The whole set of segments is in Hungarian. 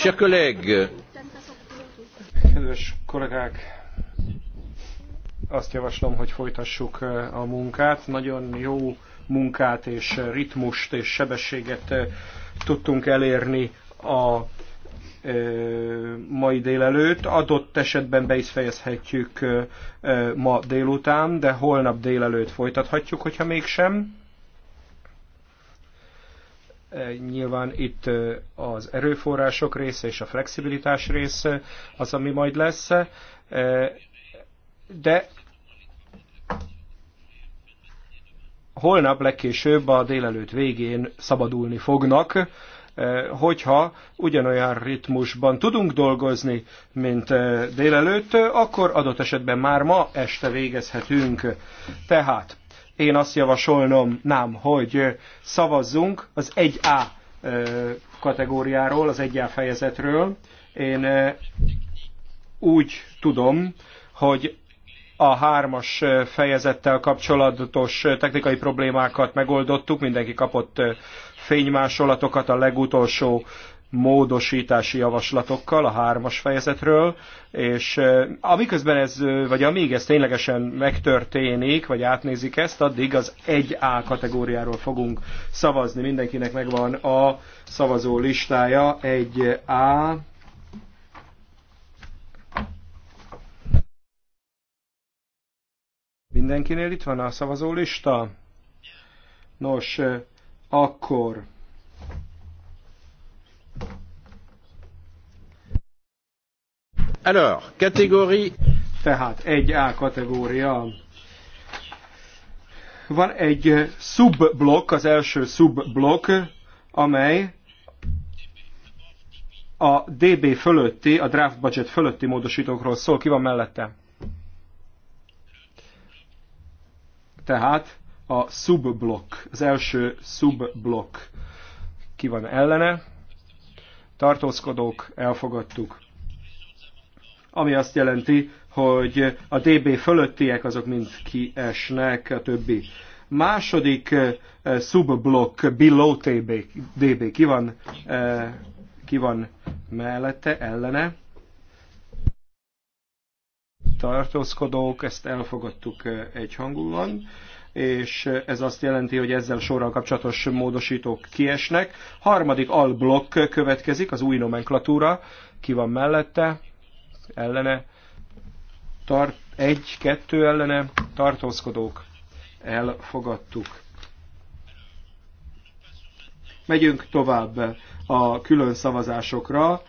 Chers collègues. Kedves kollégák, azt javaslom, hogy folytassuk a munkát. Nagyon jó munkát és ritmust és sebességet tudtunk elérni a mai délelőtt. Adott esetben be is fejezhetjük ma délután, de holnap délelőtt folytathatjuk, hogyha mégsem. E, nyilván itt e, az erőforrások része és a flexibilitás része az, ami majd lesz, e, de holnap legkésőbb a délelőtt végén szabadulni fognak, hogyha ugyanolyan ritmusban tudunk dolgozni, mint délelőtt, akkor adott esetben már ma este végezhetünk. Tehát én azt javasolnom, nem, hogy szavazzunk az 1A kategóriáról, az 1A fejezetről. Én úgy tudom, hogy a hármas fejezettel kapcsolatos technikai problémákat megoldottuk, mindenki kapott fénymásolatokat a legutolsó módosítási javaslatokkal a hármas fejezetről, és eh, amiközben ez, eh, vagy amíg ez ténylegesen megtörténik, vagy átnézik ezt, addig az 1A kategóriáról fogunk szavazni. Mindenkinek megvan a szavazó listája, 1A, Mindenkinél itt van a szavazólista? Nos, eh, akkor Alors, catégorie... Tehát egy A kategória. Van egy subblokk, az első subblokk, amely a DB fölötti, a draft budget fölötti módosítókról szól. Ki van mellette? Tehát a subblokk, az első subblokk. Ki van ellene? Tartózkodók, elfogadtuk ami azt jelenti, hogy a DB fölöttiek azok mind kiesnek, a többi. Második eh, subblock below TB, DB ki van, eh, ki van mellette, ellene. Tartózkodók, ezt elfogadtuk eh, egyhangulóan és ez azt jelenti, hogy ezzel sorral kapcsolatos módosítók kiesnek. Harmadik alblokk következik, az új nomenklatúra, ki van mellette, ellene, tart, egy, kettő ellene, tartózkodók, elfogadtuk. Megyünk tovább a külön szavazásokra.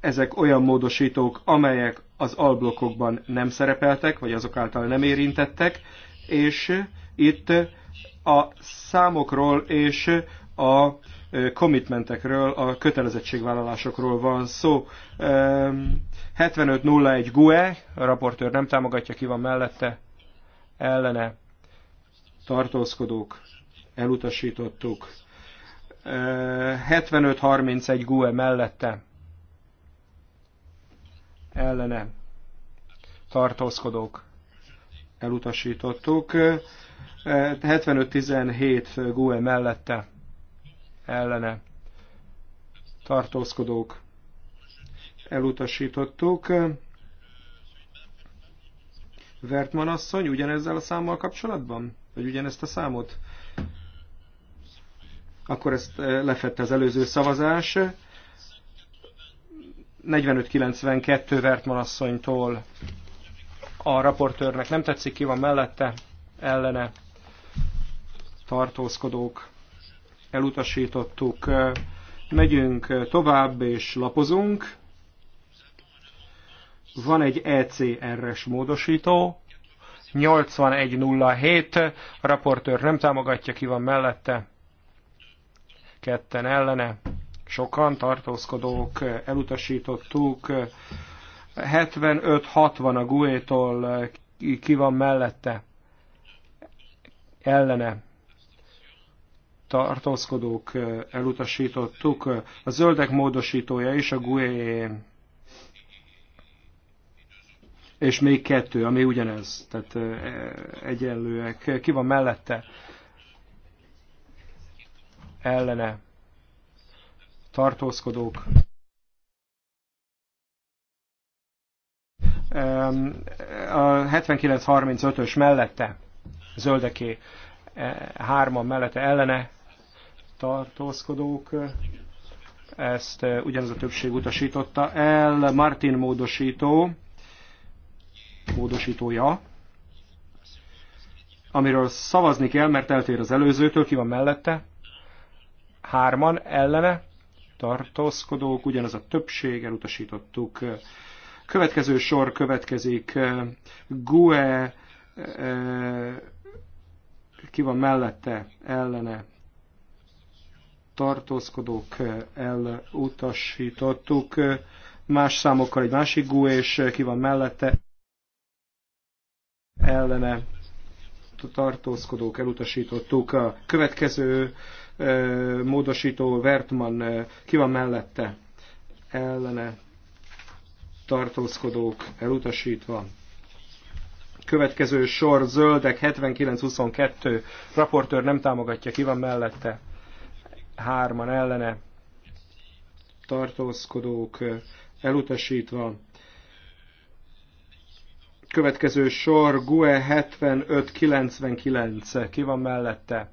Ezek olyan módosítók, amelyek az alblokkokban nem szerepeltek, vagy azok által nem érintettek, és itt a számokról és a commitmentekről, a kötelezettségvállalásokról van szó. 7501 GUE, a raportőr nem támogatja, ki van mellette, ellene tartózkodók, elutasítottuk. 7531 GUE mellette, ellene tartózkodók, elutasítottuk. 7517 GUE mellette, ellene tartózkodók elutasítottuk. Vertman asszony ugyanezzel a számmal kapcsolatban? Vagy ugyanezt a számot? Akkor ezt eh, lefette az előző szavazás. 45-92 Vertman asszonytól a raportőrnek nem tetszik, ki van mellette, ellene tartózkodók elutasítottuk. Megyünk tovább és lapozunk. Van egy ECR-es módosító, 8107, a raportőr nem támogatja, ki van mellette, ketten ellene, sokan tartózkodók, elutasítottuk, 75-60 a GUE-tól, ki van mellette, ellene, tartózkodók elutasítottuk. A zöldek módosítója is a GUE e. és még kettő, ami ugyanez, tehát e, egyenlőek. Ki van mellette? Ellene. Tartózkodók. A 7935-ös mellette, zöldeké, e, hárman mellette ellene, tartózkodók. Ezt eh, ugyanaz a többség utasította el. Martin módosító, módosítója, amiről szavazni kell, mert eltér az előzőtől, ki van mellette. Hárman ellene tartózkodók, ugyanaz a többség, elutasítottuk. Következő sor következik. GUE eh, eh, ki van mellette, ellene tartózkodók eh, elutasítottuk, eh, más számokkal egy másik gú, és eh, ki van mellette, ellene tartózkodók elutasítottuk. A következő módosító Vertman ki van mellette, ellene tartózkodók elutasítva. Következő sor zöldek 79-22, raportőr nem támogatja, ki van mellette hárman ellene tartózkodók elutasítva. Következő sor GUE 7599. Ki van mellette?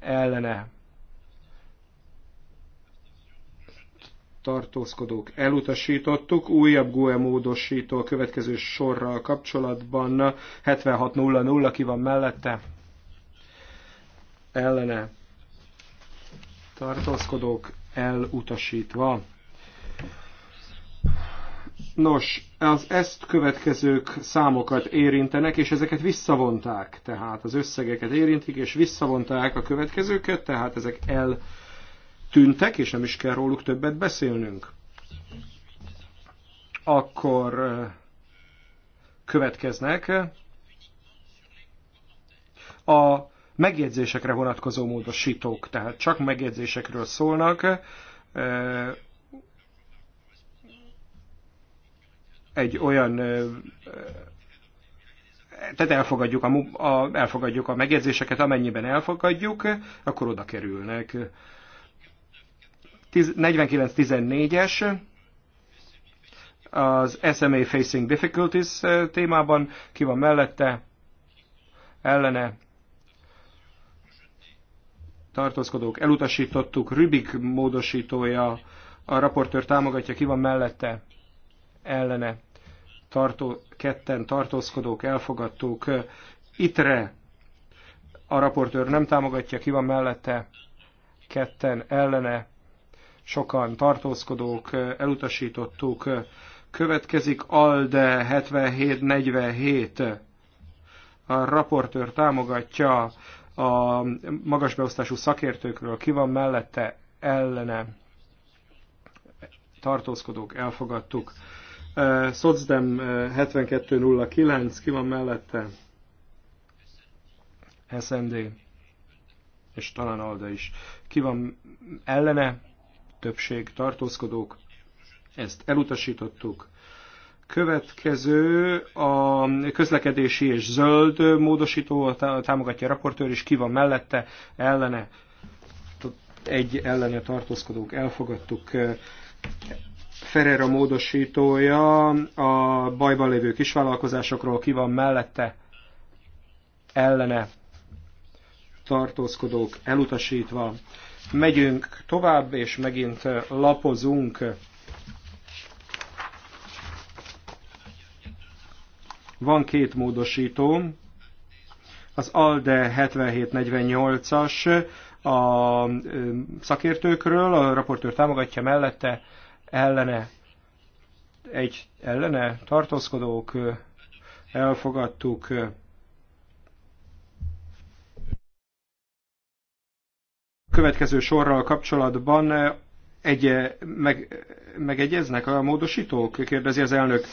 Ellene. tartózkodók elutasítottuk. Újabb GUE módosító a következő sorral kapcsolatban 76.00, ki van mellette? Ellene tartózkodók elutasítva. Nos, az ezt következők számokat érintenek, és ezeket visszavonták. Tehát az összegeket érintik, és visszavonták a következőket, tehát ezek eltűntek, és nem is kell róluk többet beszélnünk. Akkor eh, következnek a megjegyzésekre vonatkozó módosítók, tehát csak megjegyzésekről szólnak. Egy olyan tehát elfogadjuk a, a, elfogadjuk a megjegyzéseket, amennyiben elfogadjuk, akkor oda kerülnek. 4914 es az SMA Facing Difficulties témában, ki van mellette, ellene, tartózkodók elutasítottuk, Rübik módosítója, a raportőr támogatja, ki van mellette, ellene, tartó, ketten tartózkodók elfogadtuk, itre a raportőr nem támogatja, ki van mellette, ketten ellene, sokan tartózkodók, elutasítottuk. Következik ALDE 7747. A raportőr támogatja, a magas beosztású szakértőkről, ki van mellette, ellene tartózkodók, elfogadtuk. Szocdem 7209, ki van mellette? SND, és talán Alda is. Ki van ellene? Többség, tartózkodók. Ezt elutasítottuk következő a közlekedési és zöld módosító támogatja a raportőr, és ki van mellette, ellene, egy ellene tartózkodók elfogadtuk. Ferrera a módosítója a bajban lévő kisvállalkozásokról ki van mellette, ellene tartózkodók elutasítva. Megyünk tovább, és megint lapozunk. Van két módosító, az ALDE 7748-as a szakértőkről, a raportőr támogatja mellette, ellene, egy ellene tartózkodók, elfogadtuk, következő sorral kapcsolatban egy, meg, megegyeznek a módosítók? Kérdezi az elnök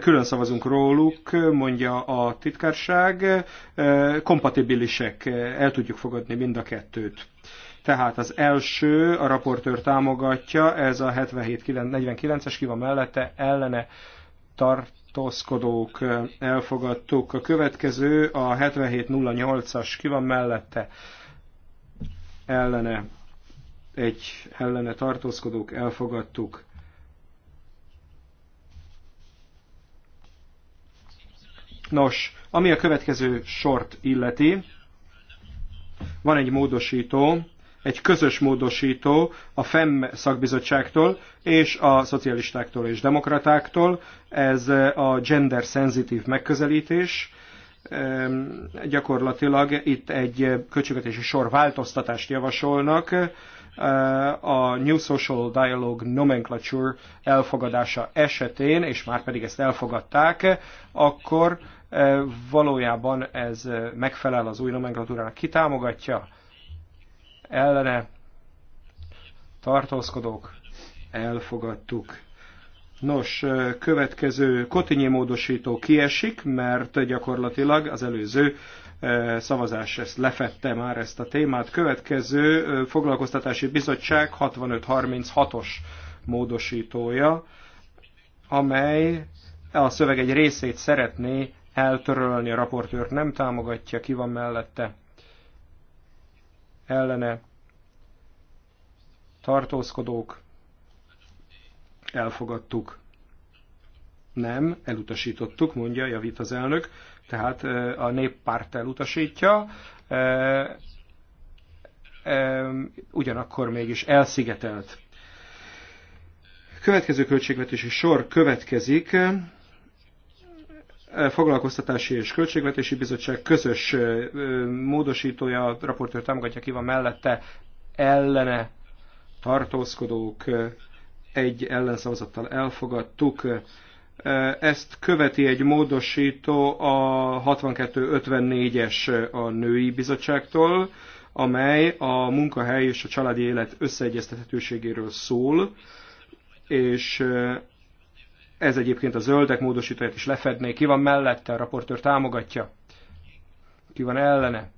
külön szavazunk róluk, mondja a titkárság, kompatibilisek, el tudjuk fogadni mind a kettőt. Tehát az első, a raportőr támogatja, ez a 77-49-es, ki van mellette, ellene tartózkodók elfogadtuk. A következő, a 77-08-as, ki van mellette, ellene egy ellene tartózkodók elfogadtuk. Nos, ami a következő sort illeti, van egy módosító, egy közös módosító a FEM szakbizottságtól és a szocialistáktól és demokratáktól. Ez a gender sensitive megközelítés. Ehm, gyakorlatilag itt egy költségvetési sor változtatást javasolnak ehm, a New Social Dialogue Nomenclature elfogadása esetén, és már pedig ezt elfogadták, akkor E, valójában ez e, megfelel az új nomenklatúrának. Ki támogatja? Ellene tartózkodók? Elfogadtuk. Nos, e, következő kotinyi módosító kiesik, mert gyakorlatilag az előző szavazás ezt lefette már ezt a témát. Következő foglalkoztatási bizottság 6536-os módosítója, amely a szöveg egy részét szeretné eltörölni, a raportőr nem támogatja, ki van mellette, ellene, tartózkodók, elfogadtuk. Nem, elutasítottuk, mondja, javít az elnök, tehát a néppárt elutasítja, ugyanakkor mégis elszigetelt. Következő költségvetési sor következik, Foglalkoztatási és Költségvetési Bizottság közös módosítója, a raportőr támogatja ki van mellette, ellene tartózkodók egy ellenszavazattal elfogadtuk. Ezt követi egy módosító a 6254-es a női bizottságtól, amely a munkahely és a családi élet összeegyeztethetőségéről szól, és ez egyébként a zöldek módosítóját is lefedné. Ki van mellette? A raportőr támogatja. Ki van ellene?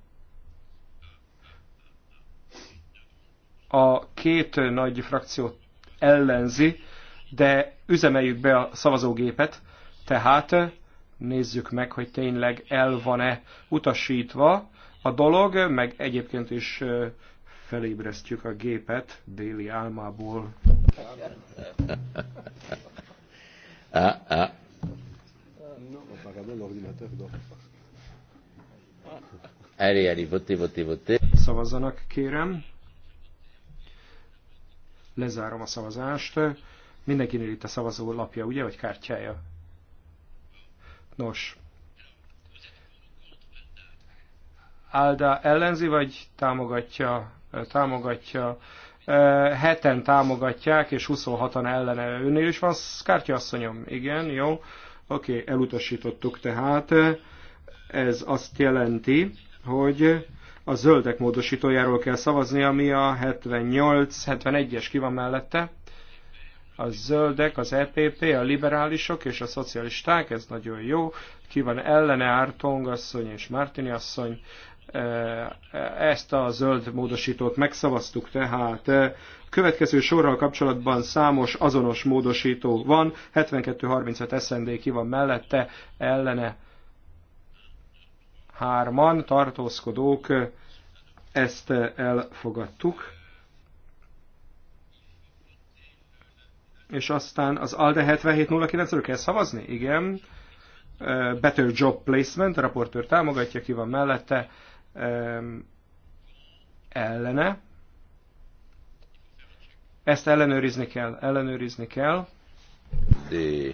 A két nagy frakciót ellenzi, de üzemeljük be a szavazógépet, tehát nézzük meg, hogy tényleg el van-e utasítva a dolog, meg egyébként is felébresztjük a gépet déli álmából. à, ah, à... Ah. Elé, elé, voté, voté, voté. Szavazzanak, kérem. Lezárom a szavazást. Mindenkinél itt a szavazó lapja, ugye, vagy kártyája? Nos. Álda ellenzi, vagy támogatja, támogatja heten támogatják, és 26-an ellene önnél is van kártya asszonyom. Igen, jó. Oké, okay, elutasítottuk tehát. Ez azt jelenti, hogy a zöldek módosítójáról kell szavazni, ami a 78-71-es ki van mellette. A zöldek, az EPP, a liberálisok és a szocialisták, ez nagyon jó. Ki van ellene Ártong asszony és Martini asszony, ezt a zöld módosítót megszavaztuk tehát. Következő sorral kapcsolatban számos azonos módosító van. 72-35 SND ki van mellette, ellene hárman tartózkodók. Ezt elfogadtuk. és aztán az ALDE 7709-ről kell szavazni? Igen. Better Job Placement, a raportőr támogatja, ki van mellette, ellene. Ezt ellenőrizni kell, ellenőrizni kell. De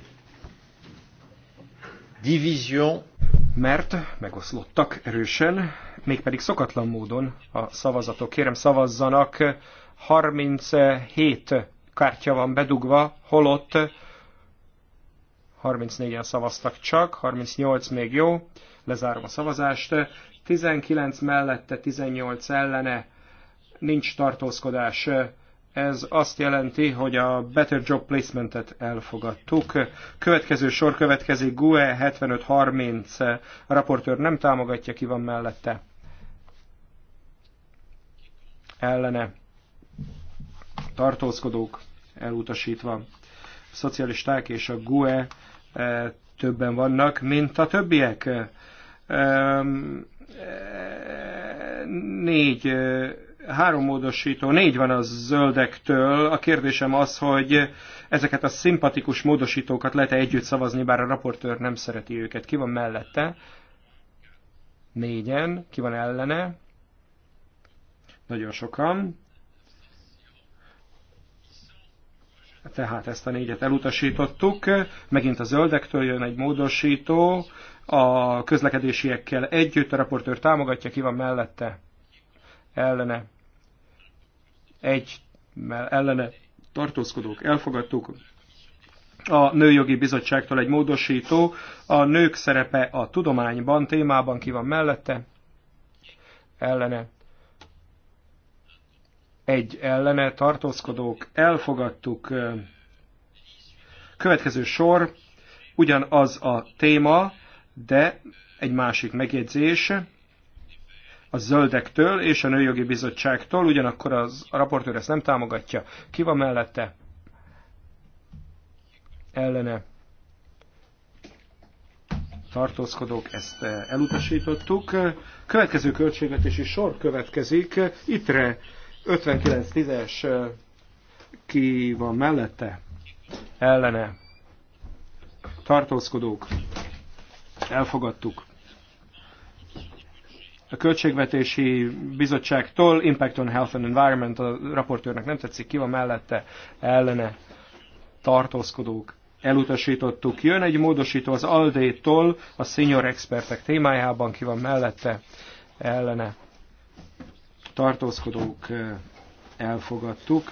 division. Mert megoszlottak erősen, mégpedig szokatlan módon a szavazatok. Kérem szavazzanak, 37 kártya van bedugva, holott 34-en szavaztak csak, 38 még jó, lezárom a szavazást, 19 mellette, 18 ellene, nincs tartózkodás. Ez azt jelenti, hogy a Better Job Placement-et elfogadtuk. Következő sor következik GUE 7530. A raportőr nem támogatja, ki van mellette. Ellene. Tartózkodók elutasítva. A szocialisták és a GUE eh, többen vannak, mint a többiek. Um, négy, három módosító, négy van a zöldektől. A kérdésem az, hogy ezeket a szimpatikus módosítókat lehet-e együtt szavazni, bár a raportőr nem szereti őket. Ki van mellette? Négyen. Ki van ellene? Nagyon sokan. Tehát ezt a négyet elutasítottuk. Megint a zöldektől jön egy módosító a közlekedésiekkel együtt. A raportőr támogatja, ki van mellette, ellene, egy ellene tartózkodók elfogadtuk. A Nőjogi Bizottságtól egy módosító, a nők szerepe a tudományban témában ki van mellette, ellene, egy ellene tartózkodók elfogadtuk. Következő sor, ugyanaz a téma, de egy másik megjegyzés a zöldektől és a Nőjogi Bizottságtól, ugyanakkor az, a raportőr ezt nem támogatja. Ki van mellette? Ellene tartózkodók, ezt eh, elutasítottuk. Következő költségvetési sor következik. ittre 59.10-es eh, ki van mellette? Ellene. Tartózkodók. Elfogadtuk. A Költségvetési Bizottságtól Impact on Health and Environment a raportőrnek nem tetszik, ki van mellette ellene tartózkodók. Elutasítottuk. Jön egy módosító az Aldétól a senior expertek témájában, ki van mellette ellene tartózkodók eh, elfogadtuk.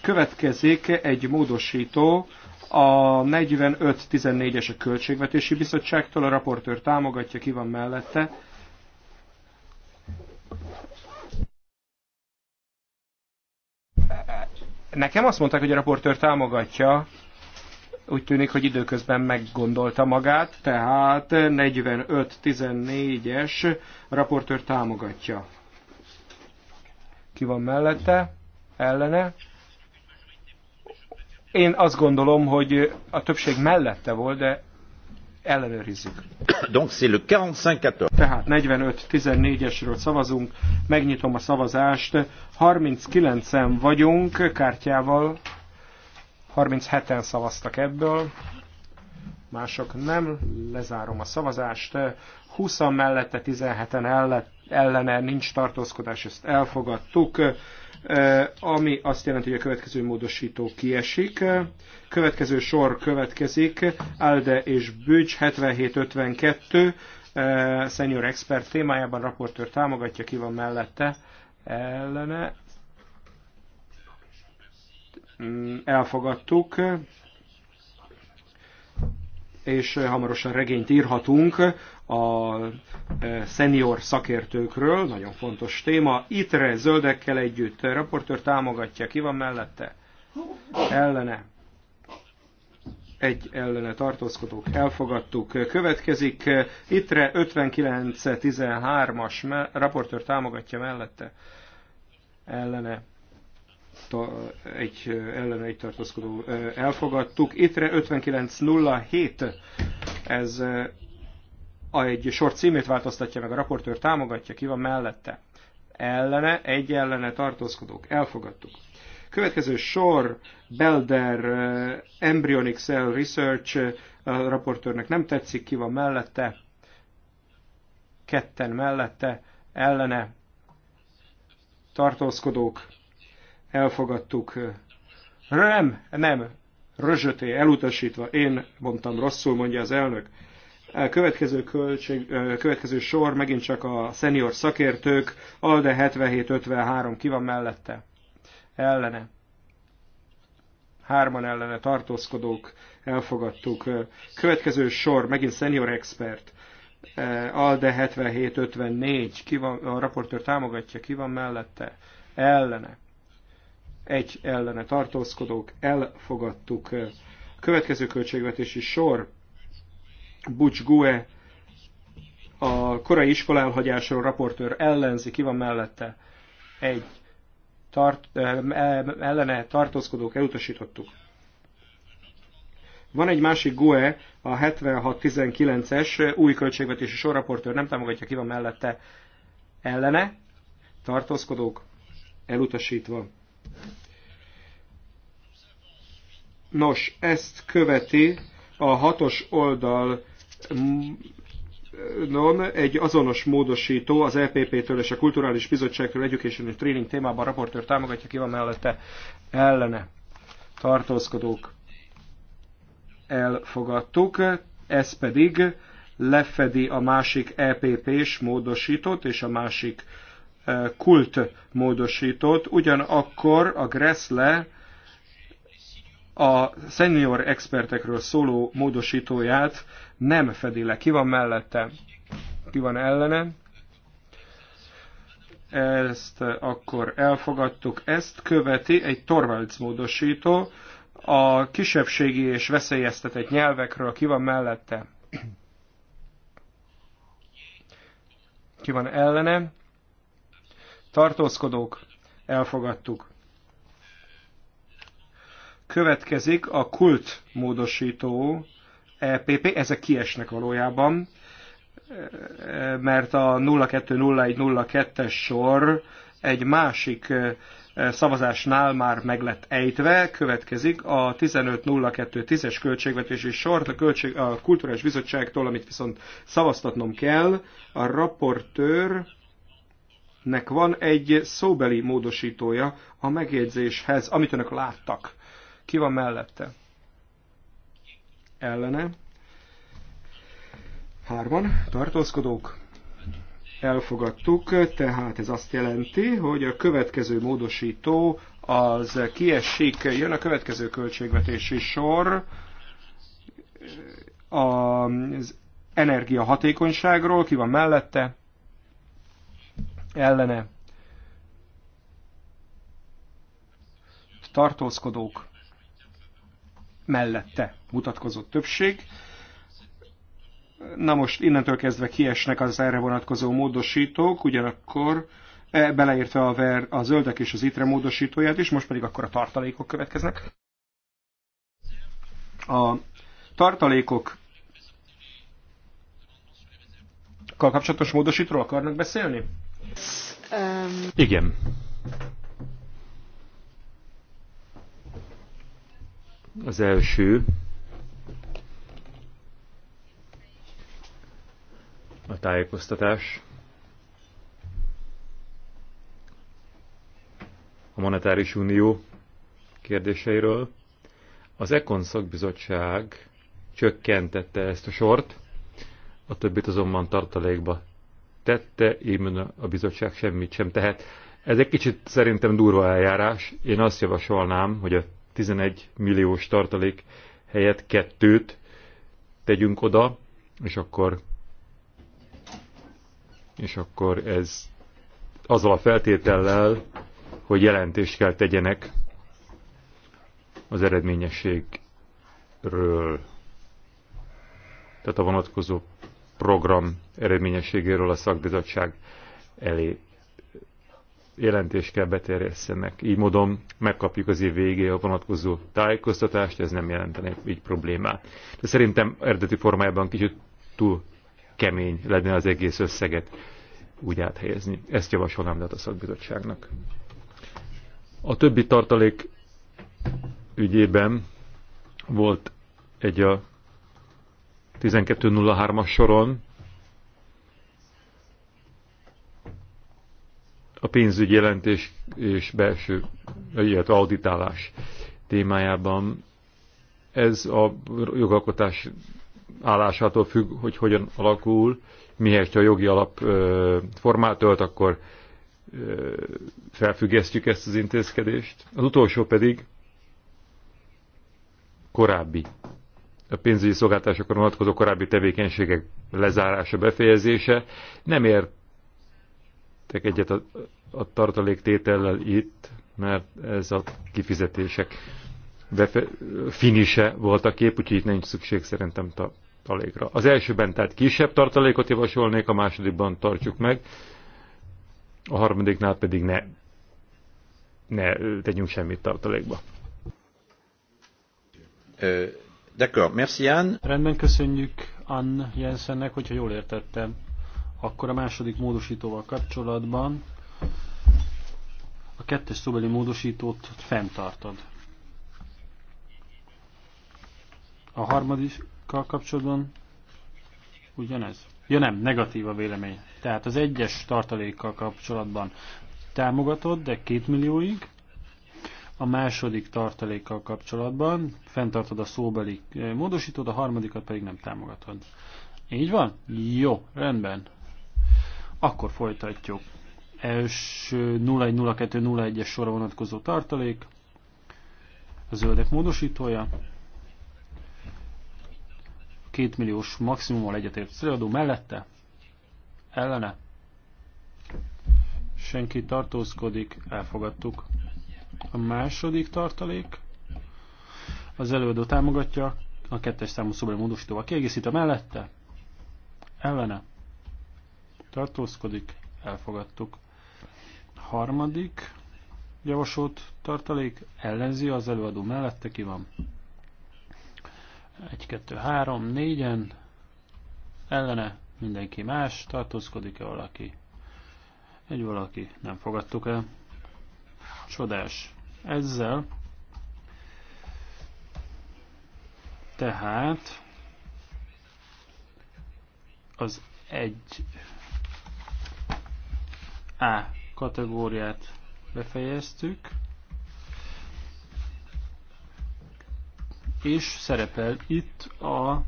Következik egy módosító a 45-14-es a Költségvetési Bizottságtól, a raportőr támogatja, ki van mellette. Nekem azt mondták, hogy a raportőr támogatja, úgy tűnik, hogy időközben meggondolta magát, tehát 45-14-es raportőr támogatja. Ki van mellette? Ellene? Én azt gondolom, hogy a többség mellette volt, de ellenőrizzük. Donc c'est le 45-14. Tehát 45-14-esről szavazunk, megnyitom a szavazást, 39-en vagyunk kártyával, 37-en szavaztak ebből, mások nem, lezárom a szavazást, 20 mellette, 17-en ellene, nincs tartózkodás, ezt elfogadtuk, Eh, ami azt jelenti, hogy a következő módosító kiesik. Következő sor következik, Alde és Bücs 7752, eh, senior expert témájában raportőr támogatja, ki van mellette, ellene. Mm, elfogadtuk és eh, hamarosan regényt írhatunk a e, szenior szakértőkről, nagyon fontos téma. Itre zöldekkel együtt raportőr támogatja, ki van mellette? Ellene. Egy ellene tartózkodók elfogadtuk. Következik Itre 59-13-as raportőr támogatja mellette. Ellene egy ellene egy tartózkodó e, elfogadtuk. Itre 5907 ez egy sor címét változtatja meg, a raportőr támogatja, ki van mellette. Ellene, egy ellene tartózkodók, elfogadtuk. Következő sor, Belder eh, Embryonic Cell Research, eh, a raportőrnek nem tetszik, ki van mellette, ketten mellette, ellene, tartózkodók, elfogadtuk. Nem, nem, rözsöté, elutasítva, én mondtam rosszul, mondja az elnök. Következő, költség, következő sor megint csak a szenior szakértők, ALDE 7753 ki van mellette? Ellene. Hárman ellene tartózkodók, elfogadtuk. Következő sor, megint senior expert. ALDE 7754, ki van, a raportőr támogatja, ki van mellette? Ellene. Egy ellene tartózkodók, elfogadtuk. Következő költségvetési sor, Butch Gue a korai elhagyásról raportőr ellenzi, ki van mellette? Egy. Tart, e, ellene tartózkodók elutasítottuk. Van egy másik GUE, a 7619-es új költségvetési sorraportőr nem támogatja, ki van mellette ellene, tartózkodók elutasítva. Nos, ezt követi a hatos oldal non egy azonos módosító az EPP-től és a Kulturális Bizottságtól Education és Training témában a raportőr támogatja, ki van mellette ellene tartózkodók elfogadtuk, ez pedig lefedi a másik EPP-s módosítót és a másik kult módosítót, ugyanakkor a Gressle a senior expertekről szóló módosítóját nem fedi le. Ki van mellette? Ki van ellene? Ezt akkor elfogadtuk. Ezt követi egy Torvalds módosító. A kisebbségi és veszélyeztetett nyelvekről ki van mellette? Ki van ellene? Tartózkodók, elfogadtuk. Következik a kult módosító EPP, ezek kiesnek valójában, mert a 020102-es sor egy másik e, szavazásnál már meg lett ejtve, következik a 15.02.10-es költségvetési sort a, költség, a Kulturális Bizottságtól, amit viszont szavaztatnom kell. A raportőrnek van egy szóbeli módosítója a megjegyzéshez, amit önök láttak. Ki van mellette? ellene, hárman tartózkodók, elfogadtuk, tehát ez azt jelenti, hogy a következő módosító az kiesik, jön a következő költségvetési sor, az energiahatékonyságról, ki van mellette, ellene, tartózkodók, mellette mutatkozott többség. Na most innentől kezdve kiesnek az erre vonatkozó módosítók, ugyanakkor e, beleértve a, ver, a zöldek és az itre módosítóját is, most pedig akkor a tartalékok következnek. A tartalékok kapcsolatos módosítról akarnak beszélni? Um... Igen. Az első a tájékoztatás. A monetáris unió kérdéseiről. Az Econ szakbizottság csökkentette ezt a sort, a többit azonban tartalékba tette, így a bizottság semmit sem tehet. Ez egy kicsit szerintem durva eljárás. Én azt javasolnám, hogy a 11 milliós tartalék helyett kettőt tegyünk oda, és akkor és akkor ez azzal a feltétellel, hogy jelentést kell tegyenek az eredményességről, tehát a vonatkozó program eredményességéről a szakbizottság elé jelentés kell beterjesszenek. Így módon megkapjuk az év végé a vonatkozó tájékoztatást, ez nem jelentene így problémát. De szerintem eredeti formájában kicsit túl kemény lenne az egész összeget úgy áthelyezni. Ezt javasolnám a szakbizottságnak. A többi tartalék ügyében volt egy a 12.03-as soron pénzügyi jelentés és belső, ilyet auditálás témájában. Ez a jogalkotás állásától függ, hogy hogyan alakul, mihez a jogi alap formát ölt, akkor felfüggesztjük ezt az intézkedést. Az utolsó pedig korábbi, a pénzügyi szolgáltásokra vonatkozó korábbi tevékenységek lezárása, befejezése. Nem ért értek egyet a, a tartaléktétellel itt, mert ez a kifizetések befe, finise volt a kép, úgyhogy itt nincs szükség szerintem tartalékra. Az elsőben tehát kisebb tartalékot javasolnék, a másodikban tartsuk meg, a harmadiknál pedig ne, ne tegyünk semmit tartalékba. D'accord, merci Anne. Rendben köszönjük Anne Jensennek, hogyha jól értettem akkor a második módosítóval kapcsolatban a kettes szóbeli módosítót fenntartod. A harmadikkal kapcsolatban ugyanez. Ja nem, negatív a vélemény. Tehát az egyes tartalékkal kapcsolatban támogatod, de két millióig. A második tartalékkal kapcsolatban fenntartod a szóbeli eh, módosítót, a harmadikat pedig nem támogatod. Így van? Jó, rendben. Akkor folytatjuk. Első 010201-es sorra vonatkozó tartalék, a zöldek módosítója, kétmilliós maximummal egyetért széladó mellette, ellene, senki tartózkodik, elfogadtuk. A második tartalék, az előadó támogatja, a kettes számú szobai módosítóval kiegészít a mellette, ellene, tartózkodik, elfogadtuk. Harmadik javasolt tartalék ellenzi az előadó mellette ki van. 1, 2, 3, 4-en ellene mindenki más, tartózkodik-e valaki? Egy valaki, nem fogadtuk el. Csodás. Ezzel tehát az egy a kategóriát befejeztük. És szerepel itt a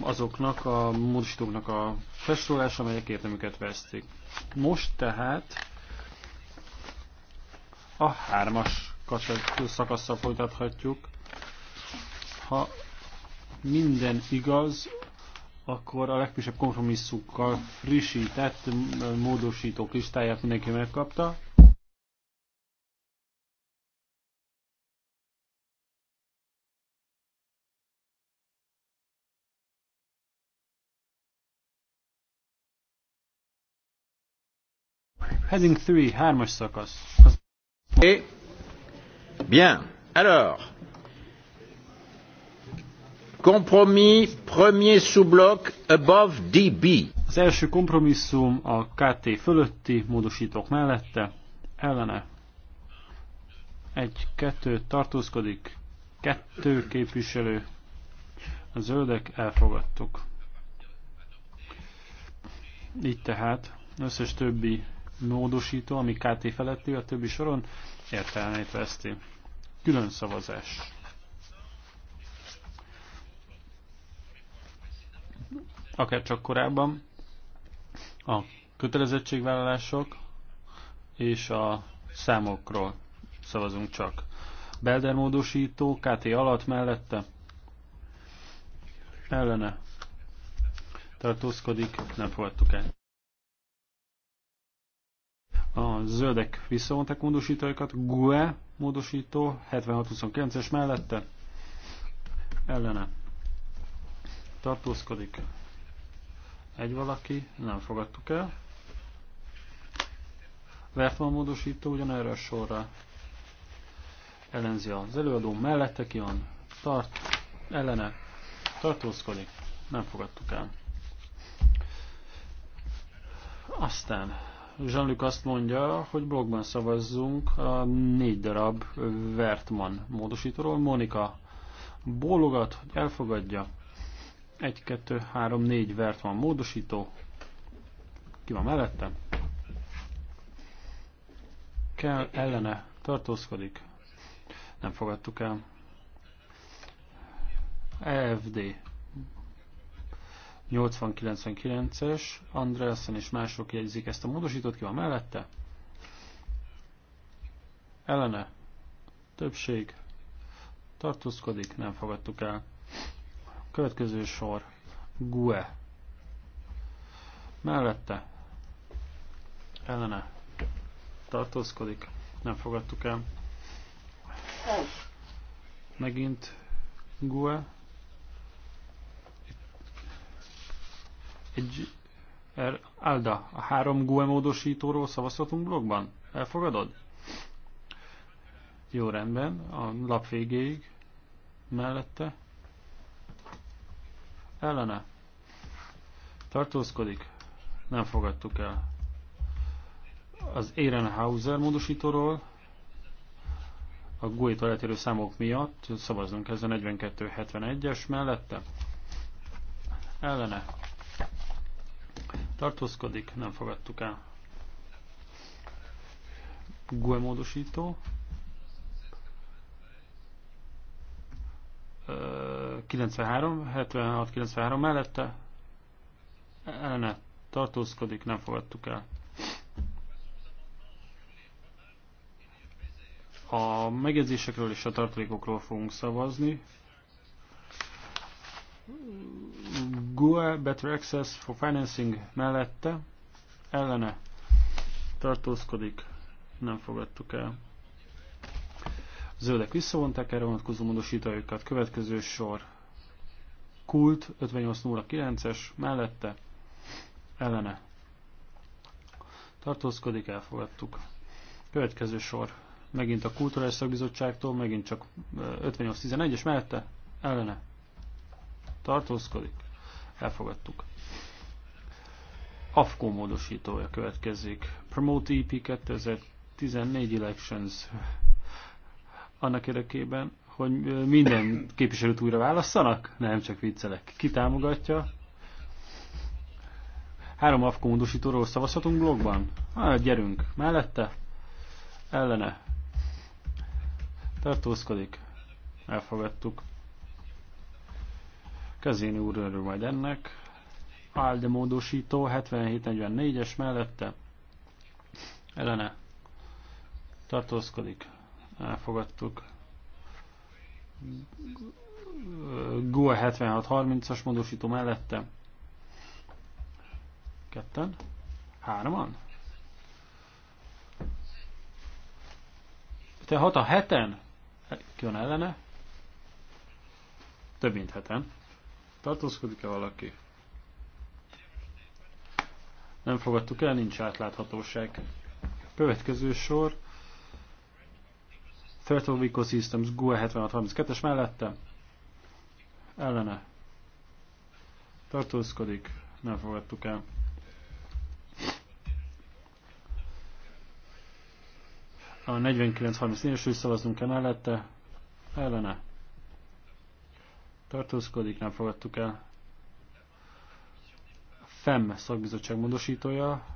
azoknak a módosítóknak a felsorolása, amelyek értelmüket veszték. Most tehát a hármas szakaszsal folytathatjuk. Ha minden igaz, akkor a legfrissebb kompromisszukkal frissített módosítók listáját mindenki megkapta. Heading 3, hármas szakasz. Az... Bien. Alors, Compromis, premier sous-bloc, above DB. Az első kompromisszum a KT fölötti módosítók mellette, ellene. Egy, kettő, tartózkodik, kettő képviselő. A zöldek elfogadtuk. Így tehát összes többi módosító, ami KT feletti a többi soron, értelmét veszti. Külön szavazás. akár csak korábban. A kötelezettségvállalások és a számokról szavazunk csak. Belder módosító, KT alatt, mellette, ellene tartózkodik, nem fogadtuk el. A zöldek visszavonták módosítóikat, GUE módosító, 7629-es mellette, ellene tartózkodik, egy valaki, nem fogadtuk el. Vertman módosító ugyanerre a sorra ellenzi az előadó mellette ki van, tart, ellene, tartózkodik, nem fogadtuk el. Aztán Jean-Luc azt mondja, hogy blogban szavazzunk a négy darab Vertman módosítóról. Monika bólogat, hogy elfogadja, 1, 2, 3, 4 vert van módosító. Ki van mellette? Kell, ellene tartózkodik. Nem fogadtuk el. EFD 8099-es, Andreasen és mások jegyzik ezt a módosítót, ki van mellette? Ellene, többség, tartózkodik, nem fogadtuk el. Következő sor. GUE. Mellette. Ellene. Tartózkodik. Nem fogadtuk el. Megint GUE. Egy er, Alda, a három GUE módosítóról szavazhatunk blogban? Elfogadod? Jó rendben, a lap végéig mellette ellene tartózkodik, nem fogadtuk el. Az Ehrenhauser módosítóról a GUI-tól számok miatt szavazunk ezen 4271-es mellette. Ellene tartózkodik, nem fogadtuk el. GUI módosító. Ö 93, 76, 93 mellette elne. tartózkodik, nem fogadtuk el. A megjegyzésekről és a tartalékokról fogunk szavazni. GUE Better Access for Financing mellette ellene tartózkodik, nem fogadtuk el. Zöldek visszavonták erre vonatkozó módosítójukat. Következő sor kult 5809-es mellette ellene tartózkodik, elfogadtuk. Következő sor megint a Kulturális Szakbizottságtól, megint csak 5811-es mellette ellene tartózkodik, elfogadtuk. AFKO módosítója következik. Promote EP 2014 Elections annak érdekében, hogy minden képviselőt újra válasszanak? Nem, csak viccelek. Ki támogatja? Három AFKO szavazhatunk blogban? Hát gyerünk. Mellette? Ellene? Tartózkodik? Elfogadtuk. Kezéni úr örül majd ennek. Alde módosító 7744-es mellette. Ellene? Tartózkodik? elfogadtuk. GUE 7630-as módosító mellette. Ketten? Hárman? Te hat a heten? Ki van ellene? Több mint heten. Tartózkodik-e valaki? Nem fogadtuk el, nincs átláthatóság. Következő sor Threat of Ecosystems GUE 7632-es mellette ellene tartózkodik, nem fogadtuk el. A 49-34-es is szavazunk el mellette, ellene tartózkodik, nem fogadtuk el. FEM szakbizottság módosítója,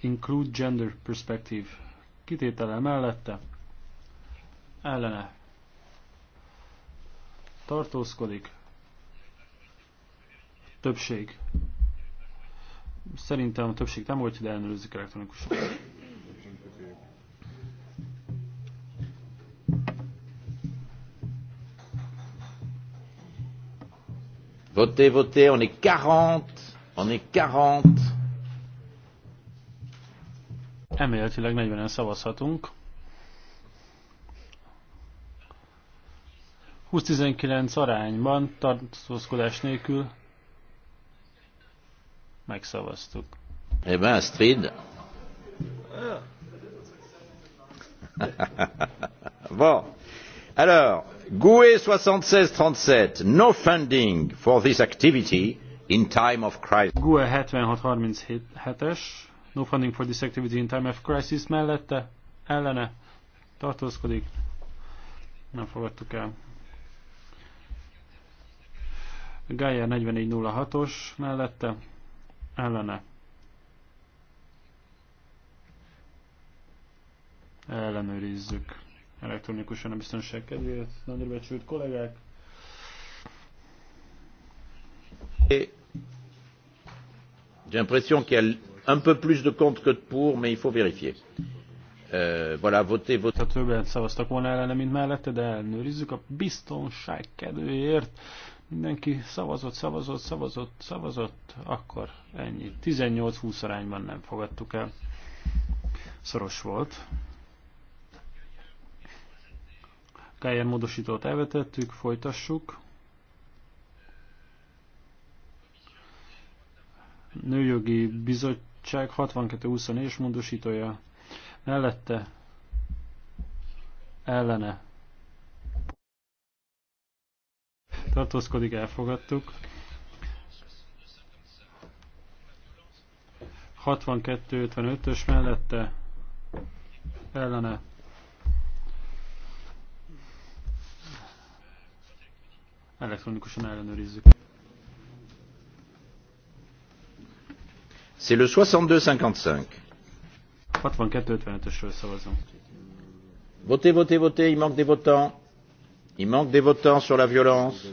Include Gender Perspective kitétele mellette ellene tartózkodik többség szerintem a többség nem volt, de ellenőrzik elektronikusan Votez, votez, on est 40, on est 40. Emléletileg 40-en szavazhatunk. 20-19 arányban tartózkodás nélkül megszavaztuk. Eben eh Astrid. bon. Alors, GUE 7637, no funding for this activity in time of crisis. GUE 7637-es, no funding for this activity in time of crisis mellette, ellene tartózkodik. Nem fogadtuk el. Gájer 4406-os mellette ellene. Ellenőrizzük elektronikusan a biztonság kedvéért. Nagyra becsült kollégák. J'ai l'impression qu'il y a un peu plus de contre que de pour, mais il faut vérifier. Euh, voilà, votez, votez. Ha többen szavaztak volna ellene, mint mellette, de ellenőrizzük a biztonság kedvéért. Mindenki szavazott, szavazott, szavazott, szavazott, akkor ennyi. 18-20 arányban nem fogadtuk el. Szoros volt. Kájer módosítót elvetettük, folytassuk. Nőjogi Bizottság 62-24-es módosítója mellette ellene tartózkodik, elfogadtuk. 62-55-ös mellette ellene elektronikusan ellenőrizzük. C'est le 62-55. 62-55-ösről szavazunk. Votez, votez, votez, il manque des votants. Il manque des votants sur la violence.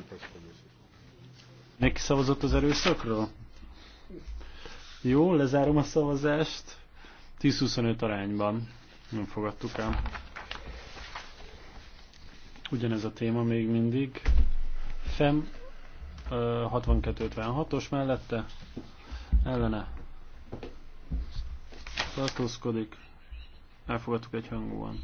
Neki szavazott az erőszakról? Jó, lezárom a szavazást. 10-25 arányban. Nem fogadtuk el. Ugyanez a téma még mindig. Fem 62-56-os mellette. Ellene. Tartózkodik. Elfogadtuk egy hangúan.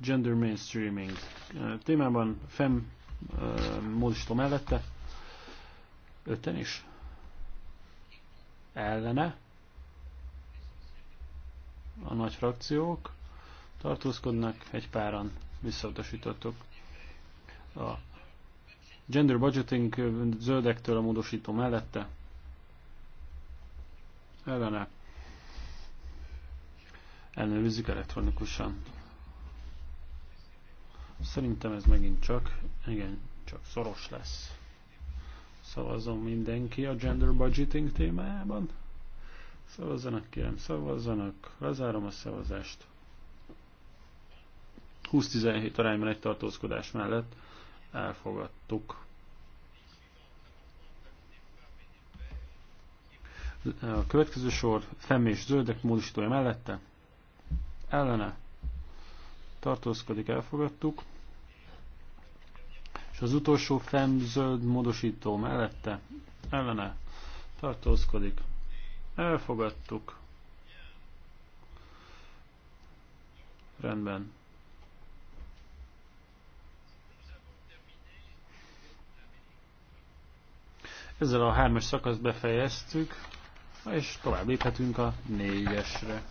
gender mainstreaming uh, témában, fem uh, módosító mellette, öten is, ellene, a nagy frakciók tartózkodnak, egy páran visszautasítottuk. A gender budgeting uh, zöldektől a módosító mellette, ellene, ellenőrizzük elektronikusan. Szerintem ez megint csak, igen, csak szoros lesz. Szavazzon mindenki a gender budgeting témájában. Szavazzanak, kérem, szavazzanak. Lezárom a szavazást. 20-17 arányban egy tartózkodás mellett elfogadtuk. A következő sor fem és zöldek módosítója mellette. Ellene tartózkodik, elfogadtuk. És az utolsó fem zöld módosító mellette, ellene, tartózkodik, elfogadtuk. Rendben. Ezzel a hármas szakaszt befejeztük, és tovább léphetünk a négyesre.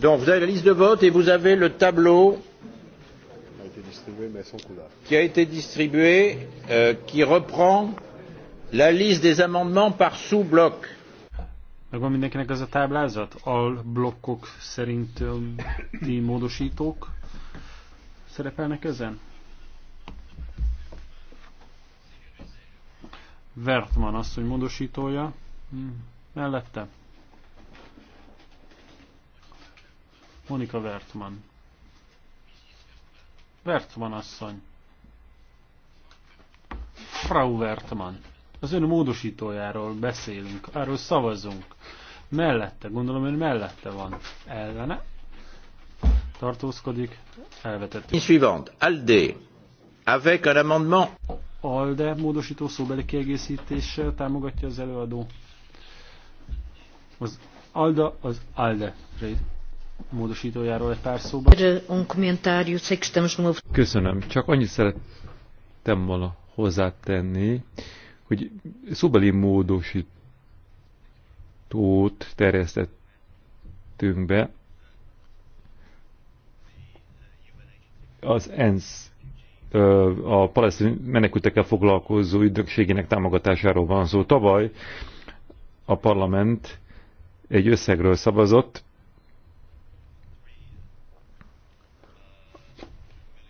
Donc vous avez la liste de vote et vous avez le tableau qui a été distribué, euh, qui reprend la liste des amendements par sous-bloc. Megvan mindenkinek ez a táblázat? Al blokkok szerint ti módosítók szerepelnek ezen? Vertman asszony módosítója hmm, mellette. Monika Vertman. Vertman asszony. Frau Vertman. Az ön módosítójáról beszélünk, arról szavazunk. Mellette, gondolom ön mellette van. Ellene? Tartózkodik, elvetettük. Suivante, Alde, avec un amendement. Alde módosító szóbeli kiegészítéssel támogatja az előadó. Az Alda az Alde módosítójáról egy pár szóban. Um Köszönöm. Csak annyit szerettem volna hozzátenni, hogy szóbeli módosítót terjesztettünk be az ENSZ a palesztin menekültekkel foglalkozó ügynökségének támogatásáról van szó. Tavaly a parlament egy összegről szavazott,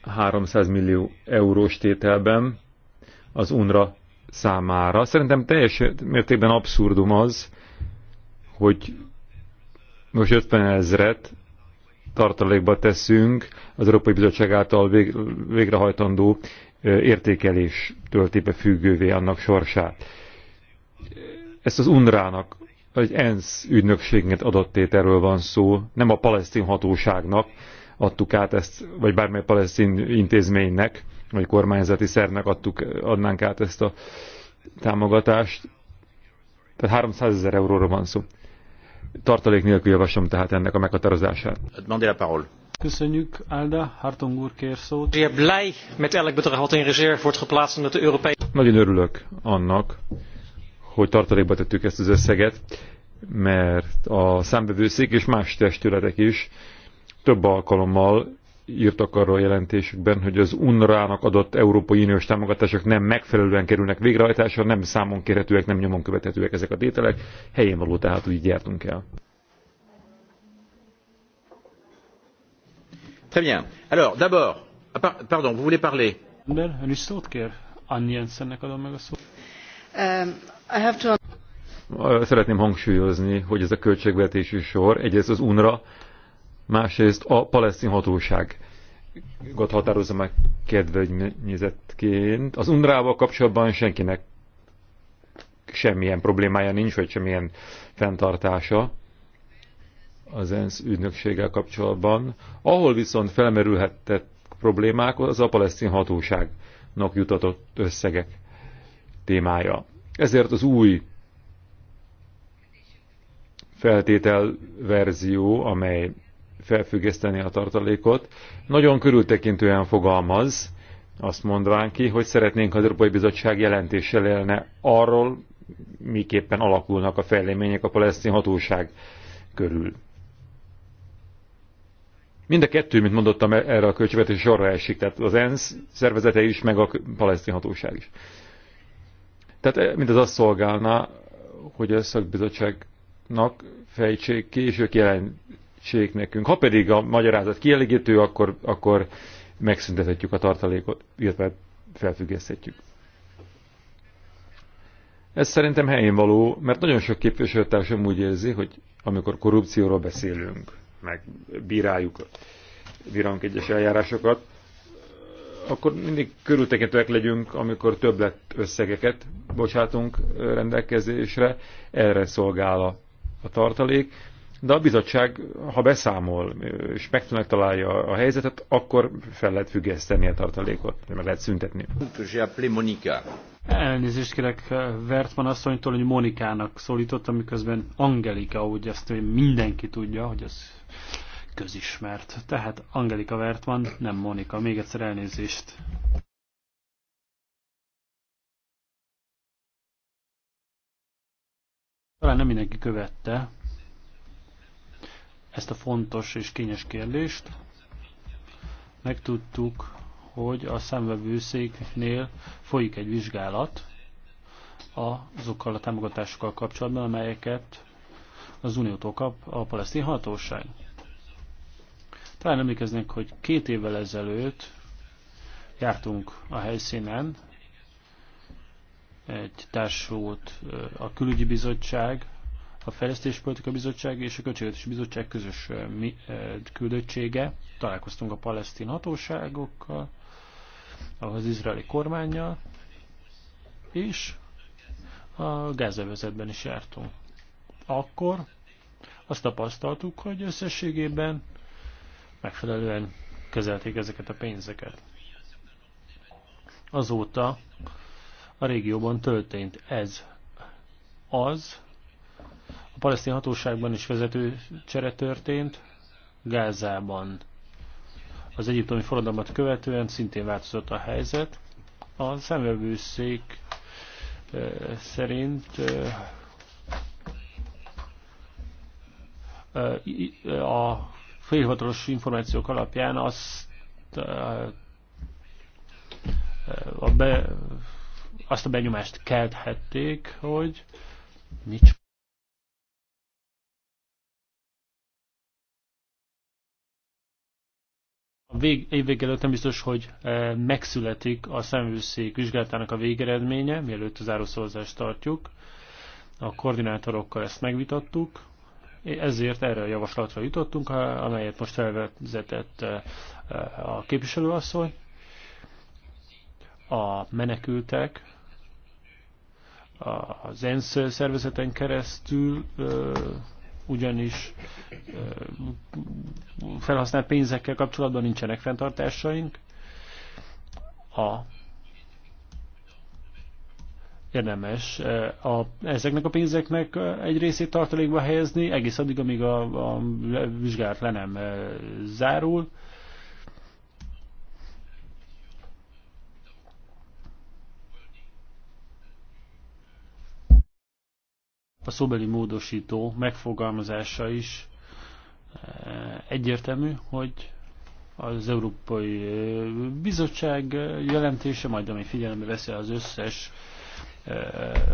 300 millió eurós tételben az UNRA számára. Szerintem teljes mértékben abszurdum az, hogy most 50 ezret tartalékba teszünk az Európai Bizottság által vég, végrehajtandó értékelés töltébe függővé annak sorsát. Ezt az unra nak egy ENSZ ügynökségnek adott tételről van szó, nem a palesztin hatóságnak, adtuk át ezt, vagy bármely palesztin intézménynek, vagy kormányzati szernek adtuk, adnánk át ezt a támogatást. Tehát 300 ezer euróra van szó. Tartalék nélkül javaslom tehát ennek a meghatározását. Köszönjük, Alda. Hartung úr kér szót. met elk bedrag wat in reserve wordt geplaatst omdat de Europese... Nagyon örülök annak, hogy tartalékba tettük ezt az összeget, mert a számbevőszék és más testületek is több alkalommal írtak arról a jelentésükben, hogy az UNRWA-nak adott Európai Uniós támogatások nem megfelelően kerülnek végrehajtásra, nem számon kérhetőek, nem nyomon követhetőek ezek a tételek. Helyén való, tehát úgy jártunk el. Très bien. Alors, d'abord, ah, pardon, vous voulez parler? Ember, ön is szót kér? Annyi Jensennek adom meg a szót. Um, I have to... Szeretném hangsúlyozni, hogy ez a költségvetési sor egyrészt az UNRWA másrészt a palesztin hatóság határozza meg kedvegynyezetként. Az undrával kapcsolatban senkinek semmilyen problémája nincs, vagy semmilyen fenntartása az ENSZ ügynökséggel kapcsolatban. Ahol viszont felmerülhetett problémák, az a palesztin hatóságnak jutatott összegek témája. Ezért az új feltételverzió, amely felfüggeszteni a tartalékot. Nagyon körültekintően fogalmaz, azt mondván ki, hogy szeretnénk, az Európai Bizottság jelentéssel élne arról, miképpen alakulnak a fejlemények a palesztin hatóság körül. Mind a kettő, mint mondottam, e- erre a költségvetés sorra esik, tehát az ENSZ szervezete is, meg a palesztin hatóság is. Tehát e- mindez azt szolgálna, hogy a szakbizottságnak fejtsék ki, és ők jelen, segítség nekünk. Ha pedig a magyarázat kielégítő, akkor, akkor megszüntethetjük a tartalékot, illetve felfüggeszthetjük. Ez szerintem helyén való, mert nagyon sok képviselőtársam úgy érzi, hogy amikor korrupcióról beszélünk, meg bíráljuk, bírálunk egyes eljárásokat, akkor mindig körültekintőek legyünk, amikor többlet összegeket bocsátunk rendelkezésre, erre szolgál a, a tartalék, de a bizottság, ha beszámol és meg találja a helyzetet, akkor fel lehet függeszteni a tartalékot, meg lehet szüntetni. Elnézést kérek Vertman asszonytól, hogy Monikának szólítottam, miközben Angelika, úgy ezt mindenki tudja, hogy ez közismert. Tehát Angelika Vertman, nem Monika. Még egyszer elnézést. Talán nem mindenki követte, ezt a fontos és kényes kérdést. Megtudtuk, hogy a szemvevőszéknél folyik egy vizsgálat azokkal a támogatásokkal kapcsolatban, amelyeket az Uniótól kap a palesztin hatóság. Talán emlékeznek, hogy két évvel ezelőtt jártunk a helyszínen, egy társult a külügyi bizottság, a Fejlesztéspolitika Bizottság és a Költségvetési Bizottság közös küldöttsége. Találkoztunk a palesztin hatóságokkal, az izraeli kormányjal, és a gázövezetben is jártunk. Akkor azt tapasztaltuk, hogy összességében megfelelően kezelték ezeket a pénzeket. Azóta a régióban történt ez az, a palesztin hatóságban is vezető csere történt, Gázában az egyiptomi forradalmat követően szintén változott a helyzet. A szemvevőszék eh, szerint eh, eh, a félhivatalos információk alapján azt a be, azt a benyomást kelthették, hogy nincs A vég, évvég előtt nem biztos, hogy e, megszületik a szemüvőszék vizsgálatának a végeredménye, mielőtt az áruszavazást tartjuk. A koordinátorokkal ezt megvitattuk, ezért erre a javaslatra jutottunk, amelyet most felvezetett e, e, a képviselőasszony. A menekültek az ENSZ szervezeten keresztül ugyanis felhasznált pénzekkel kapcsolatban nincsenek fenntartásaink. A érdemes a, ezeknek a pénzeknek egy részét tartalékba helyezni, egész addig, amíg a, a vizsgálat le nem zárul, a szóbeli módosító megfogalmazása is eh, egyértelmű, hogy az Európai eh, Bizottság jelentése, majd ami figyelembe veszi az összes eh,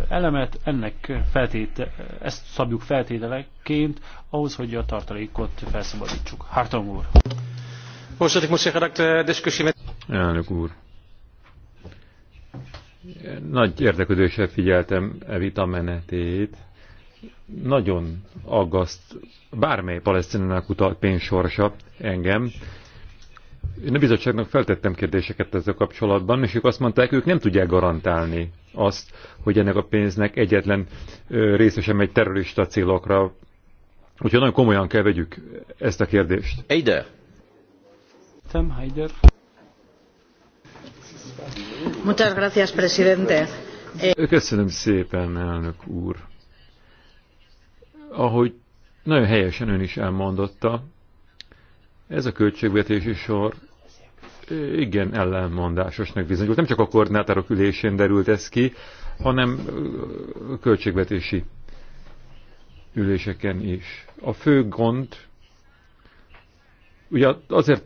elemet, ennek feltéte, ezt szabjuk feltételeként ahhoz, hogy a tartalékot felszabadítsuk. Harton úr. Elnök úr. Nagy érdeklődéssel figyeltem e vita menetét nagyon aggaszt bármely palesztinának utalt pénzsorsa engem. Én a bizottságnak feltettem kérdéseket ezzel kapcsolatban, és ők azt mondták, ők nem tudják garantálni azt, hogy ennek a pénznek egyetlen része sem egy terrorista célokra. Úgyhogy nagyon komolyan kell vegyük ezt a kérdést. Eider! Tem Heider. Muchas gracias, presidente. Köszönöm szépen, elnök úr ahogy nagyon helyesen ön is elmondotta, ez a költségvetési sor igen ellenmondásosnak bizonyult. Nem csak a koordinátorok ülésén derült ez ki, hanem költségvetési üléseken is. A fő gond, ugye azért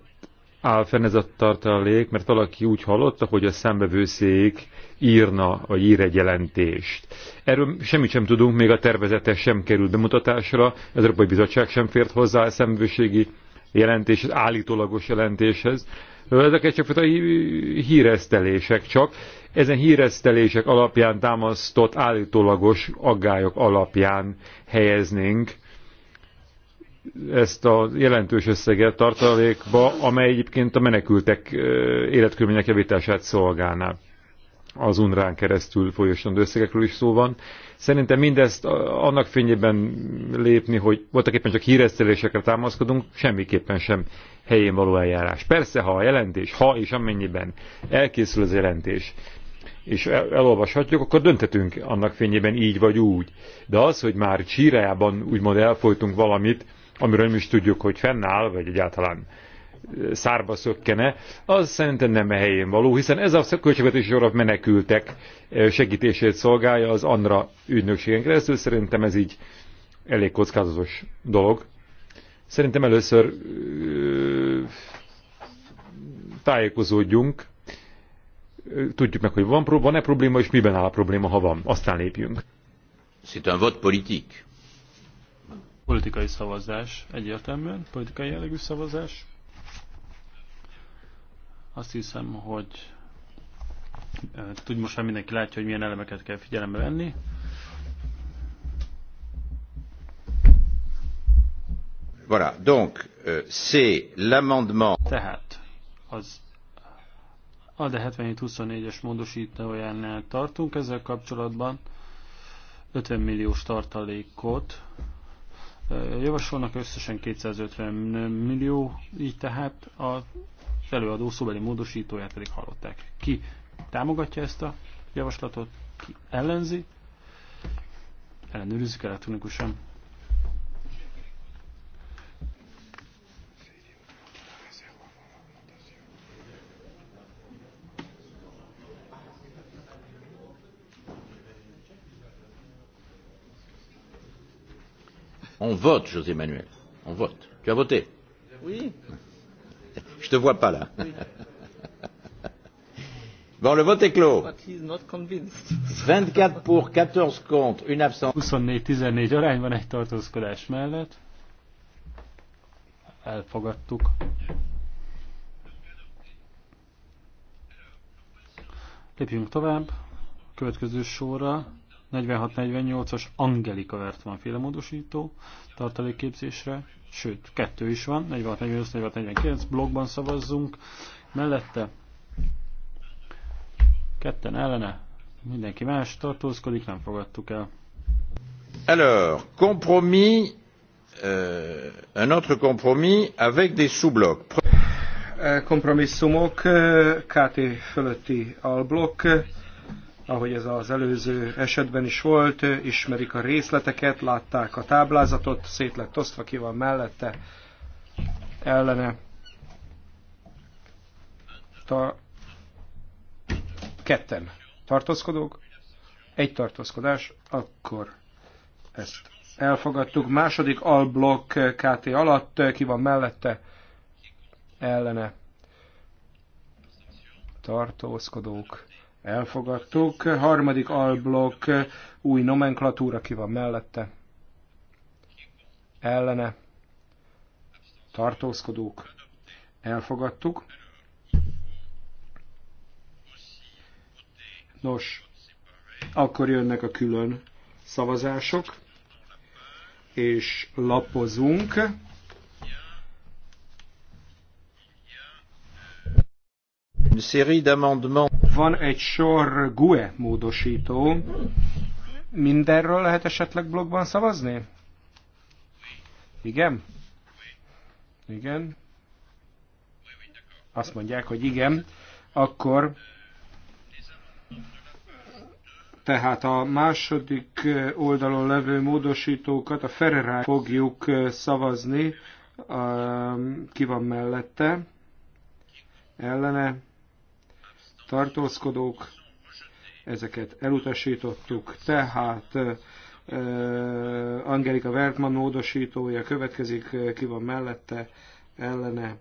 áll fenn ez a tartalék, mert valaki úgy hallotta, hogy a szembevőszék írna, vagy ír egy jelentést. Erről semmit sem tudunk, még a tervezete sem került bemutatásra, az Európai Bizottság sem fért hozzá a szembevőségi jelentéshez, állítólagos jelentéshez. Ezek csak a híresztelések csak. Ezen híresztelések alapján támasztott állítólagos aggályok alapján helyeznénk ezt a jelentős összeget tartalékba, amely egyébként a menekültek életkörülmények javítását szolgálná. Az unrán keresztül folyosandó összegekről is szó van. Szerintem mindezt annak fényében lépni, hogy voltak éppen csak híresztelésekre támaszkodunk, semmiképpen sem helyén való eljárás. Persze, ha a jelentés, ha és amennyiben elkészül az jelentés, és elolvashatjuk, akkor döntetünk annak fényében így vagy úgy. De az, hogy már csírájában úgymond elfolytunk valamit, amiről nem is tudjuk, hogy fennáll, vagy egyáltalán szárba szökkene, az szerintem nem a helyén való, hiszen ez a költségvetési sorok menekültek segítését szolgálja az Andra ügynökségen keresztül, szerintem ez így elég kockázatos dolog. Szerintem először tájékozódjunk, tudjuk meg, hogy van, van-e probléma, és miben áll a probléma, ha van. Aztán lépjünk. C'est un vote politique. Politikai szavazás, egyértelműen politikai jellegű szavazás. Azt hiszem, hogy tudj most már mindenki látja, hogy milyen elemeket kell figyelembe venni. Voilà, donc euh, c'est l'amendement. Tehát az a de 7724-es módosítójánál tartunk ezzel kapcsolatban. 50 milliós tartalékot javasolnak, összesen 250 millió, így tehát az előadó szóbeli módosítóját pedig hallották. Ki támogatja ezt a javaslatot, ki ellenzi, ellenőrizzük elektronikusan. On vote, José Manuel. On vote. Tu as voté Oui. Je te vois pas là. Oui. Bon, le vote est clos. 24 pour, 14 contre, une absence. 24-14 arányban egy tartózkodás mellett. Elfogadtuk. Lépjünk tovább. Következő sorra. 46-48-as Angelika Wertmann félemódosító tartalékképzésre, sőt, kettő is van, 46-48-49, blogban szavazzunk, mellette ketten ellene, mindenki más tartózkodik, nem fogadtuk el. Alors, compromis, euh, un autre compromis avec des sous-blocs. Kompromisszumok, KT fölötti alblokk, ahogy ez az előző esetben is volt, ismerik a részleteket, látták a táblázatot, szét lett osztva, ki van mellette, ellene. Ta... Ketten tartózkodók, egy tartózkodás, akkor ezt elfogadtuk. Második alblokk KT alatt, ki van mellette, ellene tartózkodók elfogadtuk. Harmadik alblok, új nomenklatúra, ki van mellette, ellene, tartózkodók, elfogadtuk. Nos, akkor jönnek a külön szavazások, és lapozunk. Une série d'amendements van egy sor GUE módosító. Mindenről lehet esetleg blogban szavazni? Igen? Igen? Azt mondják, hogy igen. Akkor tehát a második oldalon levő módosítókat a Ferrari fogjuk szavazni, ki van mellette, ellene, tartózkodók, ezeket elutasítottuk, tehát Angelika Wertmann módosítója következik, ki van mellette, ellene,